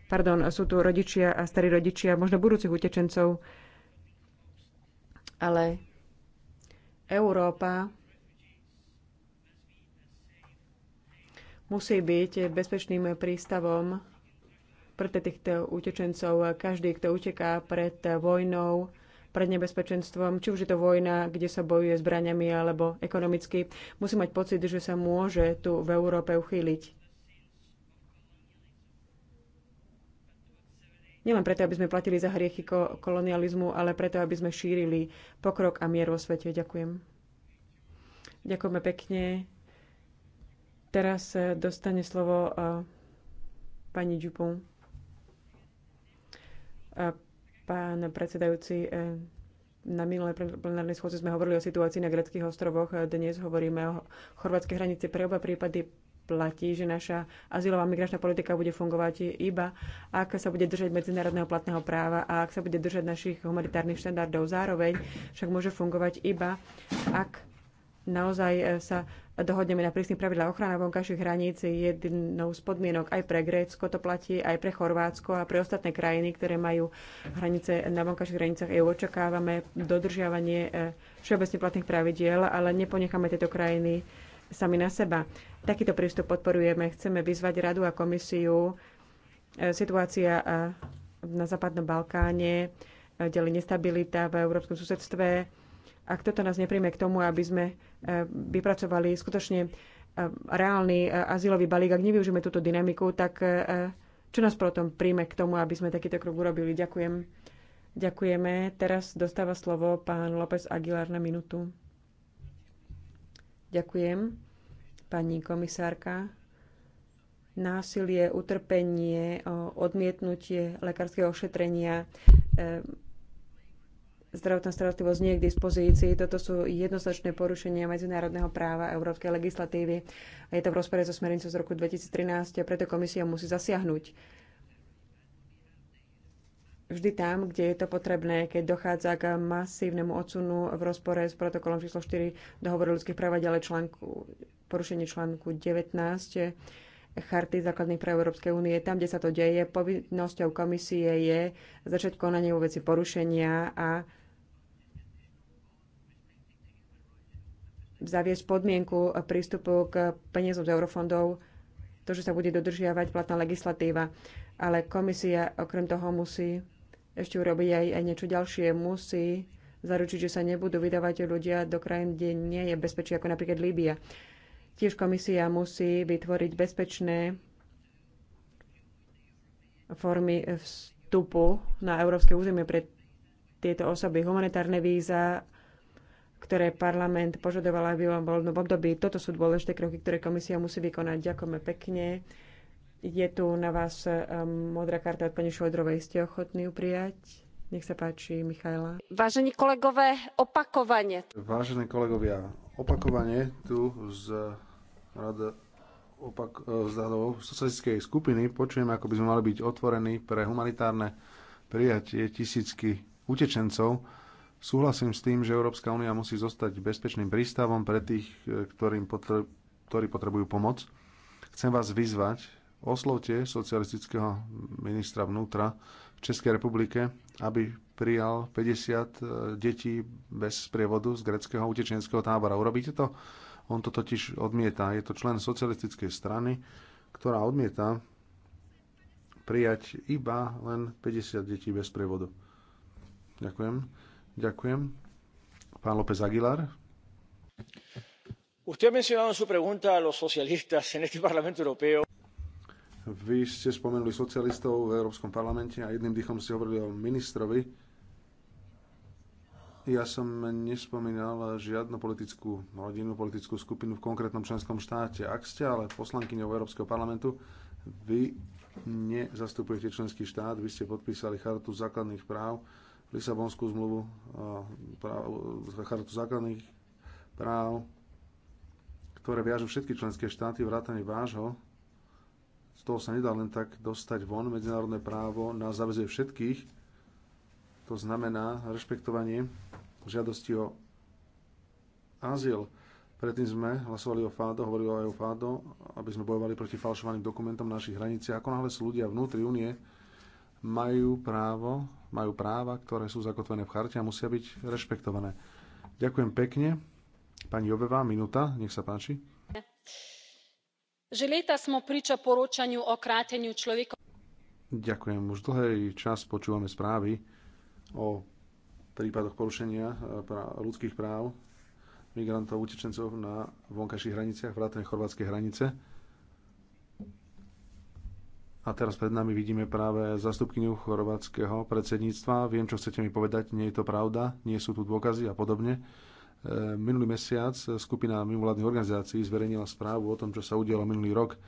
pardon, sú tu rodičia a starí rodičia, možno budúcich utečencov. Ale Európa musí byť bezpečným prístavom pre týchto utečencov. Každý, kto uteká pred vojnou, pred nebezpečenstvom, či už je to vojna, kde sa bojuje zbraniami alebo ekonomicky, musí mať pocit, že sa môže tu v Európe uchýliť. Nielen preto, aby sme platili za hriechy kolonializmu, ale preto, aby sme šírili pokrok a mier vo svete. Ďakujem. Ďakujeme pekne. Teraz e, dostane slovo e, pani Dupont. E, pán predsedajúci, na minulé plenárne schôdzi sme hovorili o situácii na greckých ostrovoch, dnes hovoríme o chorvátskej hranici. Pre oba prípady platí, že naša azylová migračná politika bude fungovať iba, ak sa bude držať medzinárodného platného práva a ak sa bude držať našich humanitárnych štandardov. Zároveň však môže fungovať iba, ak naozaj sa dohodneme na prísnych pravidlách ochrana vonkajších hraníc je jednou z podmienok aj pre Grécko, to platí aj pre Chorvátsko a pre ostatné krajiny, ktoré majú hranice na vonkajších hranicách EU, Očakávame dodržiavanie e, všeobecne platných pravidiel, ale neponecháme tieto krajiny sami na seba. Takýto prístup podporujeme. Chceme vyzvať radu a komisiu. E, situácia e, na Západnom Balkáne, ďalej nestabilita v európskom susedstve, ak toto nás nepríjme k tomu, aby sme e, vypracovali skutočne e, reálny e, azylový balík, ak nevyužijeme túto dynamiku, tak čo nás potom príjme k tomu, aby sme takýto krok urobili? Ďakujem. Ďakujeme. Teraz dostáva slovo pán López Aguilar na minútu. Ďakujem, pani komisárka. Násilie, utrpenie, odmietnutie lekárskeho ošetrenia, zdravotná starostlivosť nie je k dispozícii. Toto sú jednoznačné porušenia medzinárodného práva a európskej legislatívy a je to v rozpore so smernicou z roku 2013 a preto komisia musí zasiahnuť vždy tam, kde je to potrebné, keď dochádza k masívnemu odsunu v rozpore s protokolom číslo 4 dohovoru ľudských práv a ďalej článku, porušenie článku 19 Charty základných práv Európskej únie. Tam, kde sa to deje, povinnosťou komisie je začať konanie vo veci porušenia a zaviesť podmienku prístupu k peniazom z eurofondov, to, že sa bude dodržiavať platná legislatíva. Ale komisia okrem toho musí ešte urobiť aj, aj niečo ďalšie. Musí zaručiť, že sa nebudú vydávať ľudia do krajín, kde nie je bezpečí, ako napríklad Líbia. Tiež komisia musí vytvoriť bezpečné formy vstupu na európske územie pre tieto osoby. Humanitárne víza, ktoré parlament požadovala v voľnom období. Toto sú dôležité kroky, ktoré komisia musí vykonať. Ďakujeme pekne. Je tu na vás eh, modrá karta od pani Šojdrovej. Ste ochotní ju prijať? Nech sa páči, Michaela. Vážení kolegové, opakovanie. Vážení kolegovia, opakovanie tu z rada opak, eh, z socialistickej skupiny počujeme, ako by sme mali byť otvorení pre humanitárne prijatie tisícky utečencov Súhlasím s tým, že Európska únia musí zostať bezpečným prístavom pre tých, e, ktorým ktorí potrebujú pomoc. Chcem vás vyzvať, oslovte socialistického ministra vnútra v Českej republike, aby prijal 50 e, detí bez prievodu z greckého utečenského tábora. Urobíte to? On to totiž odmieta. Je to člen socialistickej strany, ktorá odmieta prijať iba len 50 detí bez prievodu. Ďakujem. Ďakujem. Pán López Aguilar. Usted ha mencionado en su pregunta a los socialistas en este Parlamento Europeo. Vy ste spomenuli socialistov v Európskom parlamente a jedným dýchom ste hovorili o ministrovi. Ja som nespomínal žiadnu politickú rodinu, politickú skupinu v konkrétnom členskom štáte. Ak ste ale poslankyňou Európskeho parlamentu, vy nezastupujete členský štát, vy ste podpísali chartu základných práv Lisabonskú zmluvu, chartu základných práv, ktoré viažu všetky členské štáty, vrátane vášho. Z toho sa nedá len tak dostať von. Medzinárodné právo nás zavezuje všetkých. To znamená rešpektovanie žiadosti o azyl. Predtým sme hlasovali o FADO, hovorili aj o e FADO, aby sme bojovali proti falšovaným dokumentom na našich hraniciach. Ako náhle sú ľudia vnútri únie, majú právo, majú práva, ktoré sú zakotvené v charte a musia byť rešpektované. Ďakujem pekne. Pani Jobevá, minúta, nech sa páči. Že leta sme priča poročaniu o kráteniu človeka. Ďakujem. Už dlhý čas počúvame správy o prípadoch porušenia eh, ľudských práv migrantov, utečencov na vonkajších hraniciach, vrátane chorvátskej hranice a teraz pred nami vidíme práve zastupkyniu chorvátskeho predsedníctva. Viem, čo chcete mi povedať, nie je to pravda, nie sú tu dôkazy a podobne. E, minulý mesiac skupina mimovládnych organizácií zverejnila správu o tom, čo sa udialo minulý rok.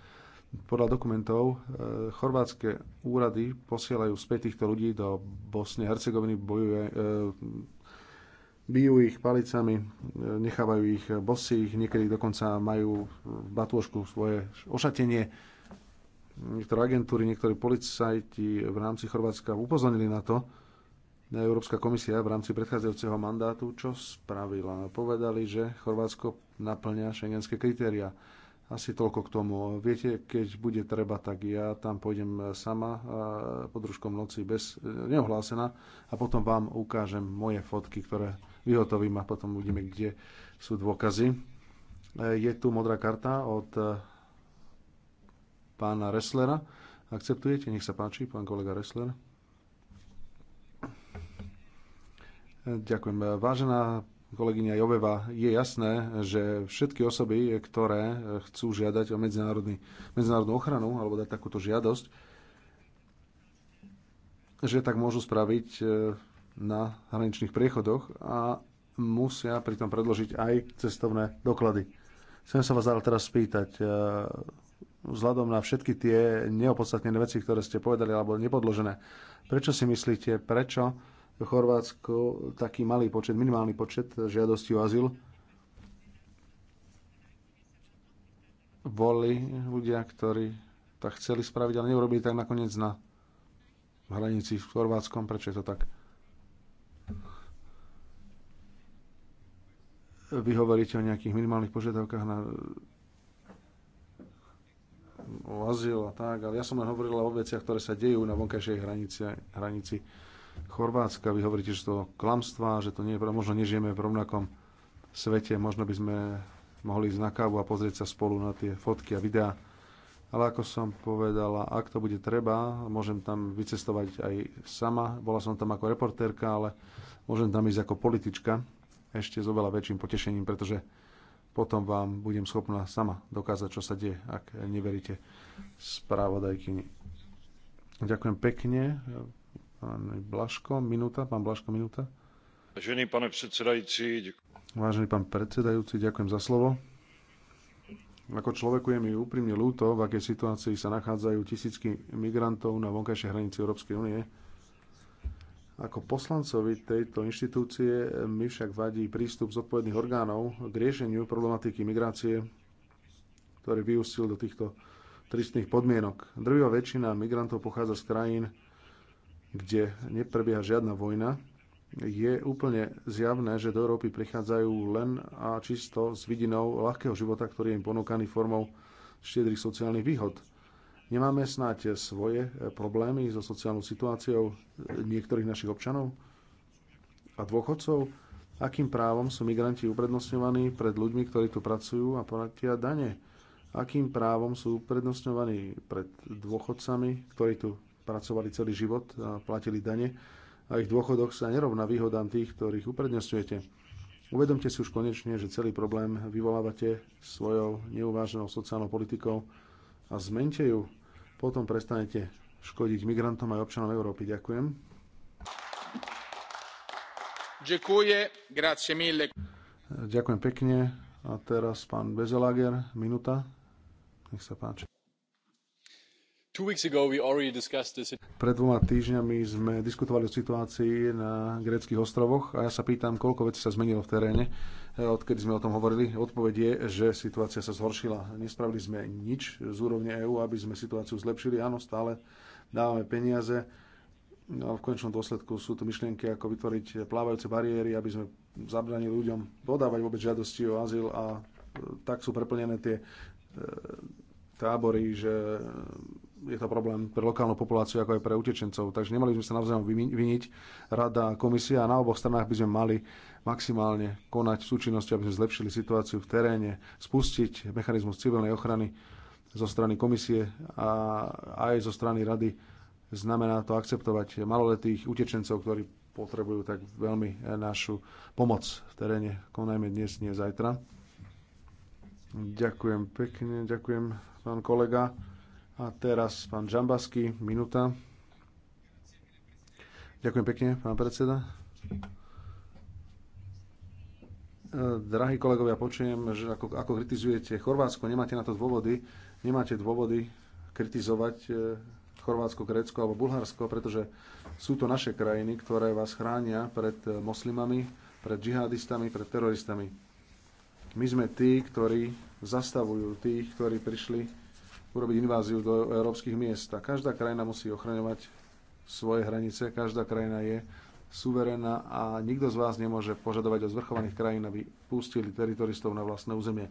Podľa dokumentov e, chorvátske úrady posielajú späť týchto ľudí do Bosne a Hercegoviny, bojuje, e, bijú ich palicami, nechávajú ich bosých, niekedy dokonca majú v batôžku svoje ošatenie niektoré agentúry, niektorí policajti v rámci Chorvátska upozornili na to, Európska komisia v rámci predchádzajúceho mandátu, čo spravila? Povedali, že Chorvátsko naplňa šengenské kritéria. Asi toľko k tomu. Viete, keď bude treba, tak ja tam pôjdem sama pod družkom noci bez, e, neohlásená a potom vám ukážem moje fotky, ktoré vyhotovím a potom uvidíme, kde sú dôkazy. E, je tu modrá karta od pána Resslera. Akceptujete? Nech sa páči, pán kolega Ressler. Ďakujem. Vážená kolegyňa Joveva, je jasné, že všetky osoby, ktoré chcú žiadať o medzinárodnú ochranu alebo dať takúto žiadosť, že tak môžu spraviť eh, na hraničných priechodoch a musia pritom predložiť aj cestovné doklady. Chcem sa vás ale teraz spýtať, eh, vzhľadom na všetky tie neopodstatnené veci, ktoré ste povedali, alebo nepodložené. Prečo si myslíte, prečo v Chorvátsku taký malý počet, minimálny počet žiadostí o azyl boli ľudia, ktorí tak chceli spraviť, ale neurobili tak nakoniec na hranici v Chorvátskom. Prečo je to tak? Vy hovoríte o nejakých minimálnych požiadavkách na o azyl a tak, ale ja som len hovoril o veciach, ktoré sa dejú na vonkajšej hranici, hranici Chorvátska. Vy hovoríte, že to klamstvá, že to nie je Možno nežijeme v rovnakom svete, možno by sme mohli ísť na kávu a pozrieť sa spolu na tie fotky a videá. Ale ako som povedala, ak to bude treba, môžem tam vycestovať aj sama. Bola som tam ako reportérka, ale môžem tam ísť ako politička ešte s oveľa väčším potešením, pretože potom vám budem schopná sama dokázať, čo sa deje, ak neveríte správodajkyni. Ďakujem pekne. Pán Blaško, minúta. Pán Blaško, minúta. Vážený pán predsedajúci, Vážený pán predsedajúci, ďakujem za slovo. Ako človeku je mi úprimne ľúto, v akej situácii sa nachádzajú tisícky migrantov na vonkajšej hranici Európskej únie ako poslancovi tejto inštitúcie mi však vadí prístup zodpovedných orgánov k riešeniu problematiky migrácie, ktorý vyústil do týchto tristných podmienok. Drvivá väčšina migrantov pochádza z krajín, kde neprebieha žiadna vojna. Je úplne zjavné, že do Európy prichádzajú len a čisto s vidinou ľahkého života, ktorý je im ponúkaný formou štiedrých sociálnych výhod Nemáme snáď svoje eh, problémy so sociálnou situáciou eh, niektorých našich občanov a dôchodcov? Akým právom sú migranti uprednostňovaní pred ľuďmi, ktorí tu pracujú a platia dane? Akým právom sú uprednostňovaní pred dôchodcami, ktorí tu pracovali celý život a platili dane? A ich dôchodok sa nerovná výhodám tých, ktorých uprednostňujete. Uvedomte si už konečne, že celý problém vyvolávate svojou neuváženou sociálnou politikou a zmente ju. Potom prestanete škodiť migrantom aj občanom Európy. Ďakujem. Ďakujem pekne. A teraz pán Bezelager, minúta. Nech sa páči. Pred dvoma týždňami sme diskutovali o situácii na greckých ostrovoch a ja sa pýtam, koľko vecí sa zmenilo v teréne, eh, odkedy sme o tom hovorili. Odpoveď je, že situácia sa zhoršila. Nespravili sme nič z úrovne EÚ, aby sme situáciu zlepšili. Áno, stále dávame peniaze. No, v konečnom dôsledku sú tu myšlienky, ako vytvoriť plávajúce bariéry, aby sme zabranili ľuďom podávať vôbec žiadosti o azyl a eh, tak sú preplnené tie eh, tábory, že je to problém pre lokálnu populáciu, ako aj pre utečencov. Takže nemali by sme sa navzájom vyniť. Rada, komisia a na oboch stranách by sme mali maximálne konať v súčinnosti, aby sme zlepšili situáciu v teréne, spustiť mechanizmus civilnej ochrany zo strany komisie a aj zo strany rady. Znamená to akceptovať maloletých utečencov, ktorí potrebujú tak veľmi našu pomoc v teréne. Konajme dnes, nie zajtra. Ďakujem pekne, ďakujem pán kolega. A teraz pán Žambasky, minúta. Ďakujem pekne, pán predseda. E, drahí kolegovia, počujem, že ako, ako kritizujete Chorvátsko, nemáte na to dôvody, nemáte dôvody kritizovať e, Chorvátsko, Grécko alebo Bulharsko, pretože sú to naše krajiny, ktoré vás chránia pred e, moslimami, pred džihadistami, pred teroristami. My sme tí, ktorí zastavujú tých, ktorí prišli urobiť inváziu do európskych miest. A každá krajina musí ochraňovať svoje hranice, každá krajina je suverénna a nikto z vás nemôže požadovať od zvrchovaných krajín, aby pustili teritoristov na vlastné územie.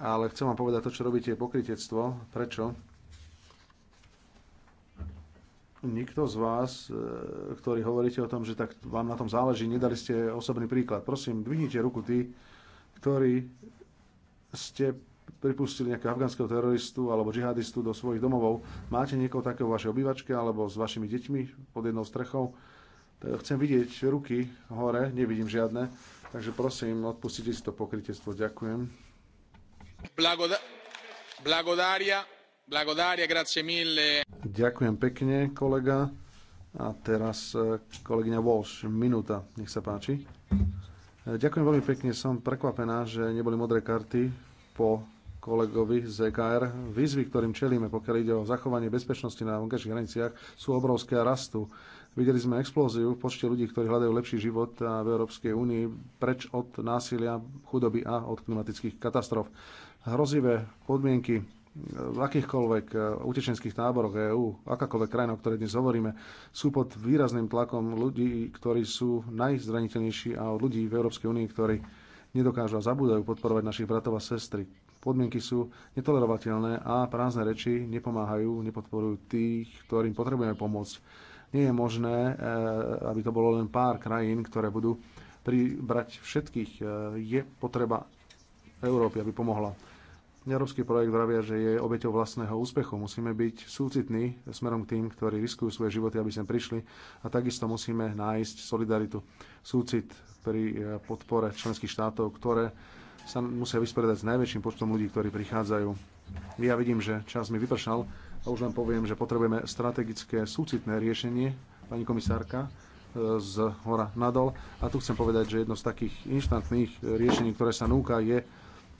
Ale chcem vám povedať, to, čo robíte, je pokritectvo. Prečo? nikto z vás, e, ktorí hovoríte o tom, že tak vám na tom záleží, nedali ste osobný príklad. Prosím, dvihnite ruku tí, ktorí ste pripustili nejakého afgánskeho teroristu alebo džihadistu do svojich domovov. Máte niekoho takého v vašej obývačke alebo s vašimi deťmi pod jednou strechou? Chcem vidieť ruky hore, nevidím žiadne, takže prosím, odpustite si to pokrytectvo. Ďakujem. blagodária, blagodária, grazie mille. Ďakujem pekne, kolega. A teraz e, kolegyňa Walsh, minúta, nech sa páči. E, ďakujem veľmi pekne, som prekvapená, že neboli modré karty po kolegovi z EKR. Výzvy, ktorým čelíme, pokiaľ ide o zachovanie bezpečnosti na vonkajších hraniciach, sú obrovské a rastú. Videli sme explóziu v počte ľudí, ktorí hľadajú lepší život v Európskej únii preč od násilia, chudoby a od klimatických katastrof. Hrozivé podmienky v akýchkoľvek e, utečenských táboroch EÚ, akákoľvek krajina, o ktorej dnes hovoríme, sú pod výrazným tlakom ľudí, ktorí sú najzraniteľnejší a ľudí v Európskej únii, ktorí nedokážu a zabúdajú podporovať našich bratov a sestry. Podmienky sú netolerovateľné a prázdne reči nepomáhajú, nepodporujú tých, ktorým potrebujeme pomôcť. Nie je možné, e, aby to bolo len pár krajín, ktoré budú pribrať všetkých. E, je potreba Európy, aby pomohla. Európsky projekt vravia, že je obeťou vlastného úspechu. Musíme byť súcitní smerom k tým, ktorí riskujú svoje životy, aby sem prišli a takisto musíme nájsť solidaritu, súcit pri eh, podpore členských štátov, ktoré sa musia vysporiadať s najväčším počtom ľudí, ktorí prichádzajú. Ja vidím, že čas mi vypršal a už len poviem, že potrebujeme strategické súcitné riešenie, pani komisárka, eh, z hora nadol. A tu chcem povedať, že jedno z takých inštantných eh, riešení, ktoré sa núka, je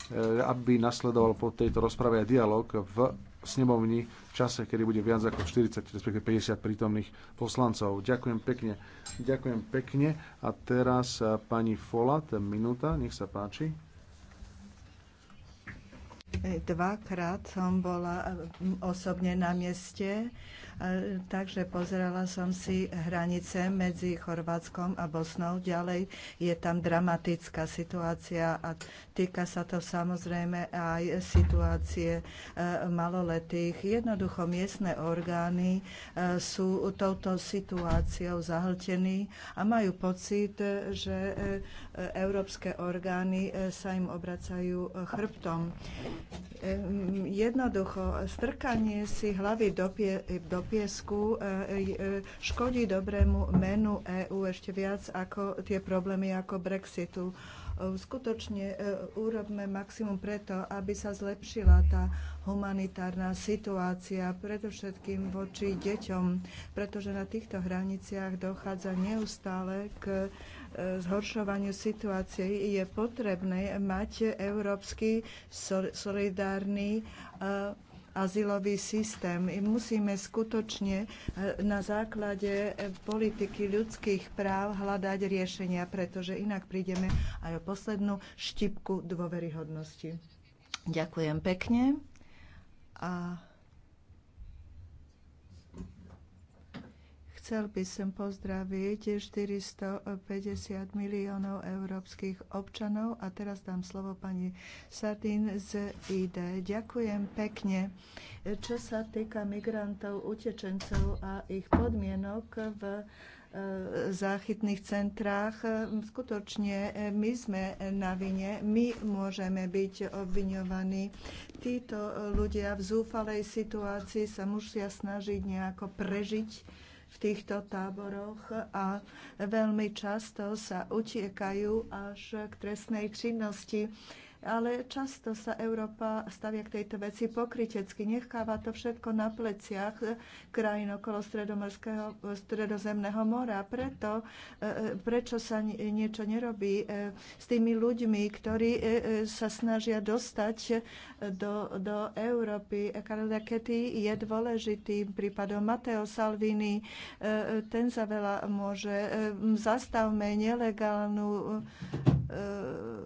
E, aby nasledoval po tejto rozprave aj dialog v snemovni v čase, kedy bude viac ako 40, respektíve 50 prítomných poslancov. Ďakujem pekne. Ďakujem pekne. A teraz e, pani Folat, minúta, nech sa páči. E, dvakrát som bola osobne na mieste takže pozerala som si hranice medzi Chorvátskom a Bosnou. Ďalej je tam dramatická situácia a týka sa to samozrejme aj situácie e, maloletých. Jednoducho miestne orgány e, sú touto situáciou zahltení a majú pocit, že e, európske orgány sa im obracajú chrbtom. Jednoducho strkanie si hlavy do, pie, do piesku e, e, škodí dobrému menu EÚ ešte viac ako tie problémy ako Brexitu e, skutočne urobme maximum preto, aby sa zlepšila tá humanitárna situácia, predovšetkým voči deťom, pretože na týchto hraniciach dochádza neustále k zhoršovaniu situácie. Je potrebné mať európsky solidárny azylový systém. musíme skutočne e, na základe e, politiky ľudských práv hľadať riešenia, pretože inak prídeme aj o poslednú štipku dôveryhodnosti. Ďakujem pekne. A Chcel by som pozdraviť 450 miliónov európskych občanov a teraz dám slovo pani Sardin z ID. Ďakujem pekne. Čo sa týka migrantov, utečencov a ich podmienok v e, záchytných centrách. Skutočne e, my sme na vine, my môžeme byť obviňovaní. Títo e, ľudia v zúfalej situácii sa musia snažiť nejako prežiť v týchto táboroch a veľmi často sa utiekajú až k trestnej činnosti ale často sa Európa stavia k tejto veci pokrytecky. Necháva to všetko na pleciach krajín okolo stredozemného mora. Preto, e, e, prečo sa niečo nerobí e, s tými ľuďmi, ktorí sa snažia dostať do, do Európy. Karol Ketty je dôležitým prípadom. Matteo Salvini, e, ten za veľa môže. E, zastavme nelegálnu e,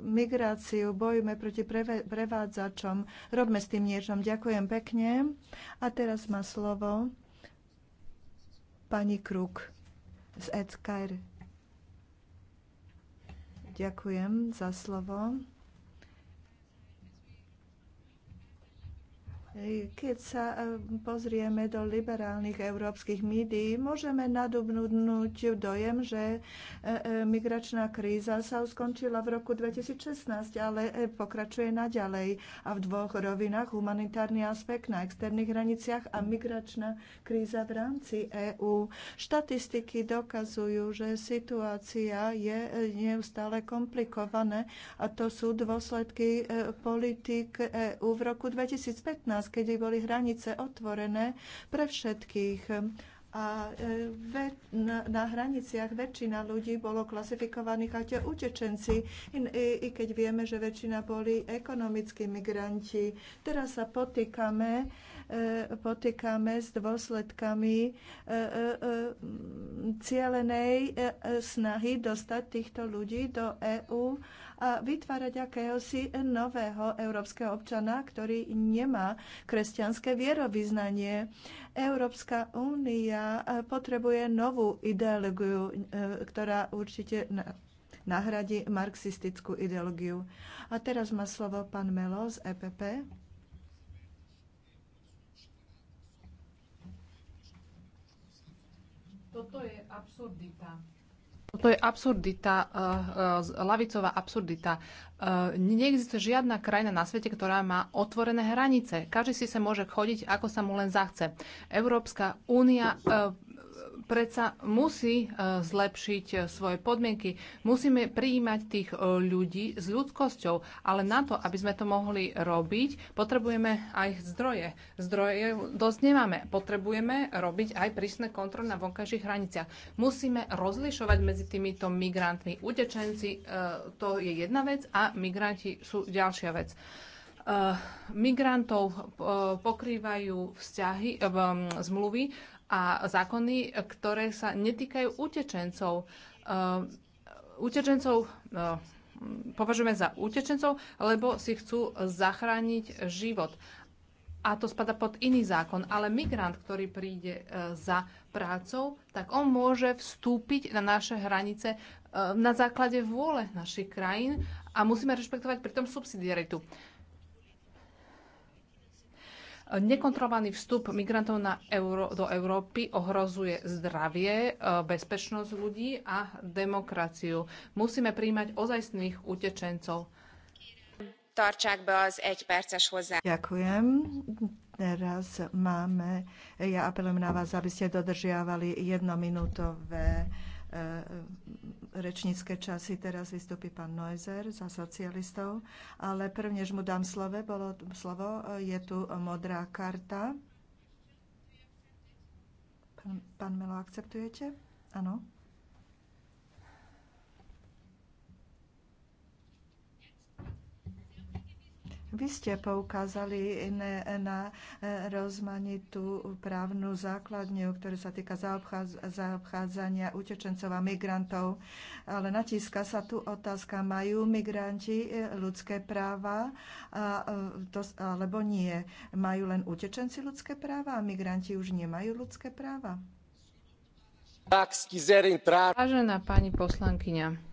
migráciu, bojujme proti prevádzačom, robme s tým niečo. Ďakujem pekne. A teraz má slovo pani Kruk z ECKR. Ďakujem za slovo. Keď sa pozrieme do liberálnych európskych médií, môžeme nadobnúť dojem, že e, e, migračná kríza sa skončila v roku 2016, ale e, pokračuje naďalej a v dvoch rovinách humanitárny aspekt na externých hraniciach a migračná kríza v rámci EÚ. Štatistiky dokazujú, že situácia je neustále komplikovaná a to sú dôsledky politik EÚ v roku 2015 keď boli hranice otvorené pre všetkých a e, na hraniciach väčšina ľudí bolo klasifikovaných ako utečenci, i, i, i keď vieme, že väčšina boli ekonomickí migranti. Teraz sa potýkame E, potýkame s dôsledkami e, e, cielenej snahy dostať týchto ľudí do EÚ a vytvárať akéhosi nového európskeho občana, ktorý nemá kresťanské vierovýznanie. Európska únia potrebuje novú ideológiu, ktorá určite nahradí marxistickú ideológiu. A teraz má slovo pán Melo z EPP. Toto je absurdita. Toto je absurdita, eh, eh, lavicová absurdita. Eh, neexistuje žiadna krajina na svete, ktorá má otvorené hranice. Každý si sa môže chodiť, ako sa mu len zachce. Európska únia predsa musí e, zlepšiť e, svoje podmienky. Musíme prijímať tých e, ľudí s ľudskosťou, ale na to, aby sme to mohli robiť, potrebujeme aj zdroje. Zdroje dosť nemáme. Potrebujeme robiť aj prísne kontroly na vonkajších hraniciach. Musíme rozlišovať medzi týmito migrantmi. Utečenci to je jedna vec a migranti sú ďalšia vec migrantov pokrývajú vzťahy, zmluvy a zákony, e, ktoré sa netýkajú utečencov. Uh, utečencov uh, považujeme za utečencov, lebo si chcú zachrániť život. A to spada pod iný zákon. Ale migrant, ktorý príde uh, za prácou, tak on môže vstúpiť na naše hranice na základe vôle našich krajín a musíme rešpektovať pritom subsidiaritu. Nekontrolovaný vstup migrantov na Euró- do Európy ohrozuje zdravie, e, bezpečnosť ľudí a demokraciu. Musíme príjmať ozajstných utečencov. Ďakujem. Teraz máme, ja apelujem na vás, aby ste dodržiavali jednominútové e, rečnícke časy. Teraz vystúpi pán Neuser za socialistov, ale prvnež mu dám slove, bolo, slovo, je tu modrá karta. Pán, pán Melo, akceptujete? Áno. Vy ste poukázali na, na e, rozmanitú právnu základňu, ktorá sa týka zaobchádzania utečencov a migrantov, ale natíska sa tu otázka, majú migranti e, ľudské práva a, e, to, alebo nie. Majú len utečenci ľudské práva a migranti už nemajú ľudské práva? Vážená pani poslankyňa,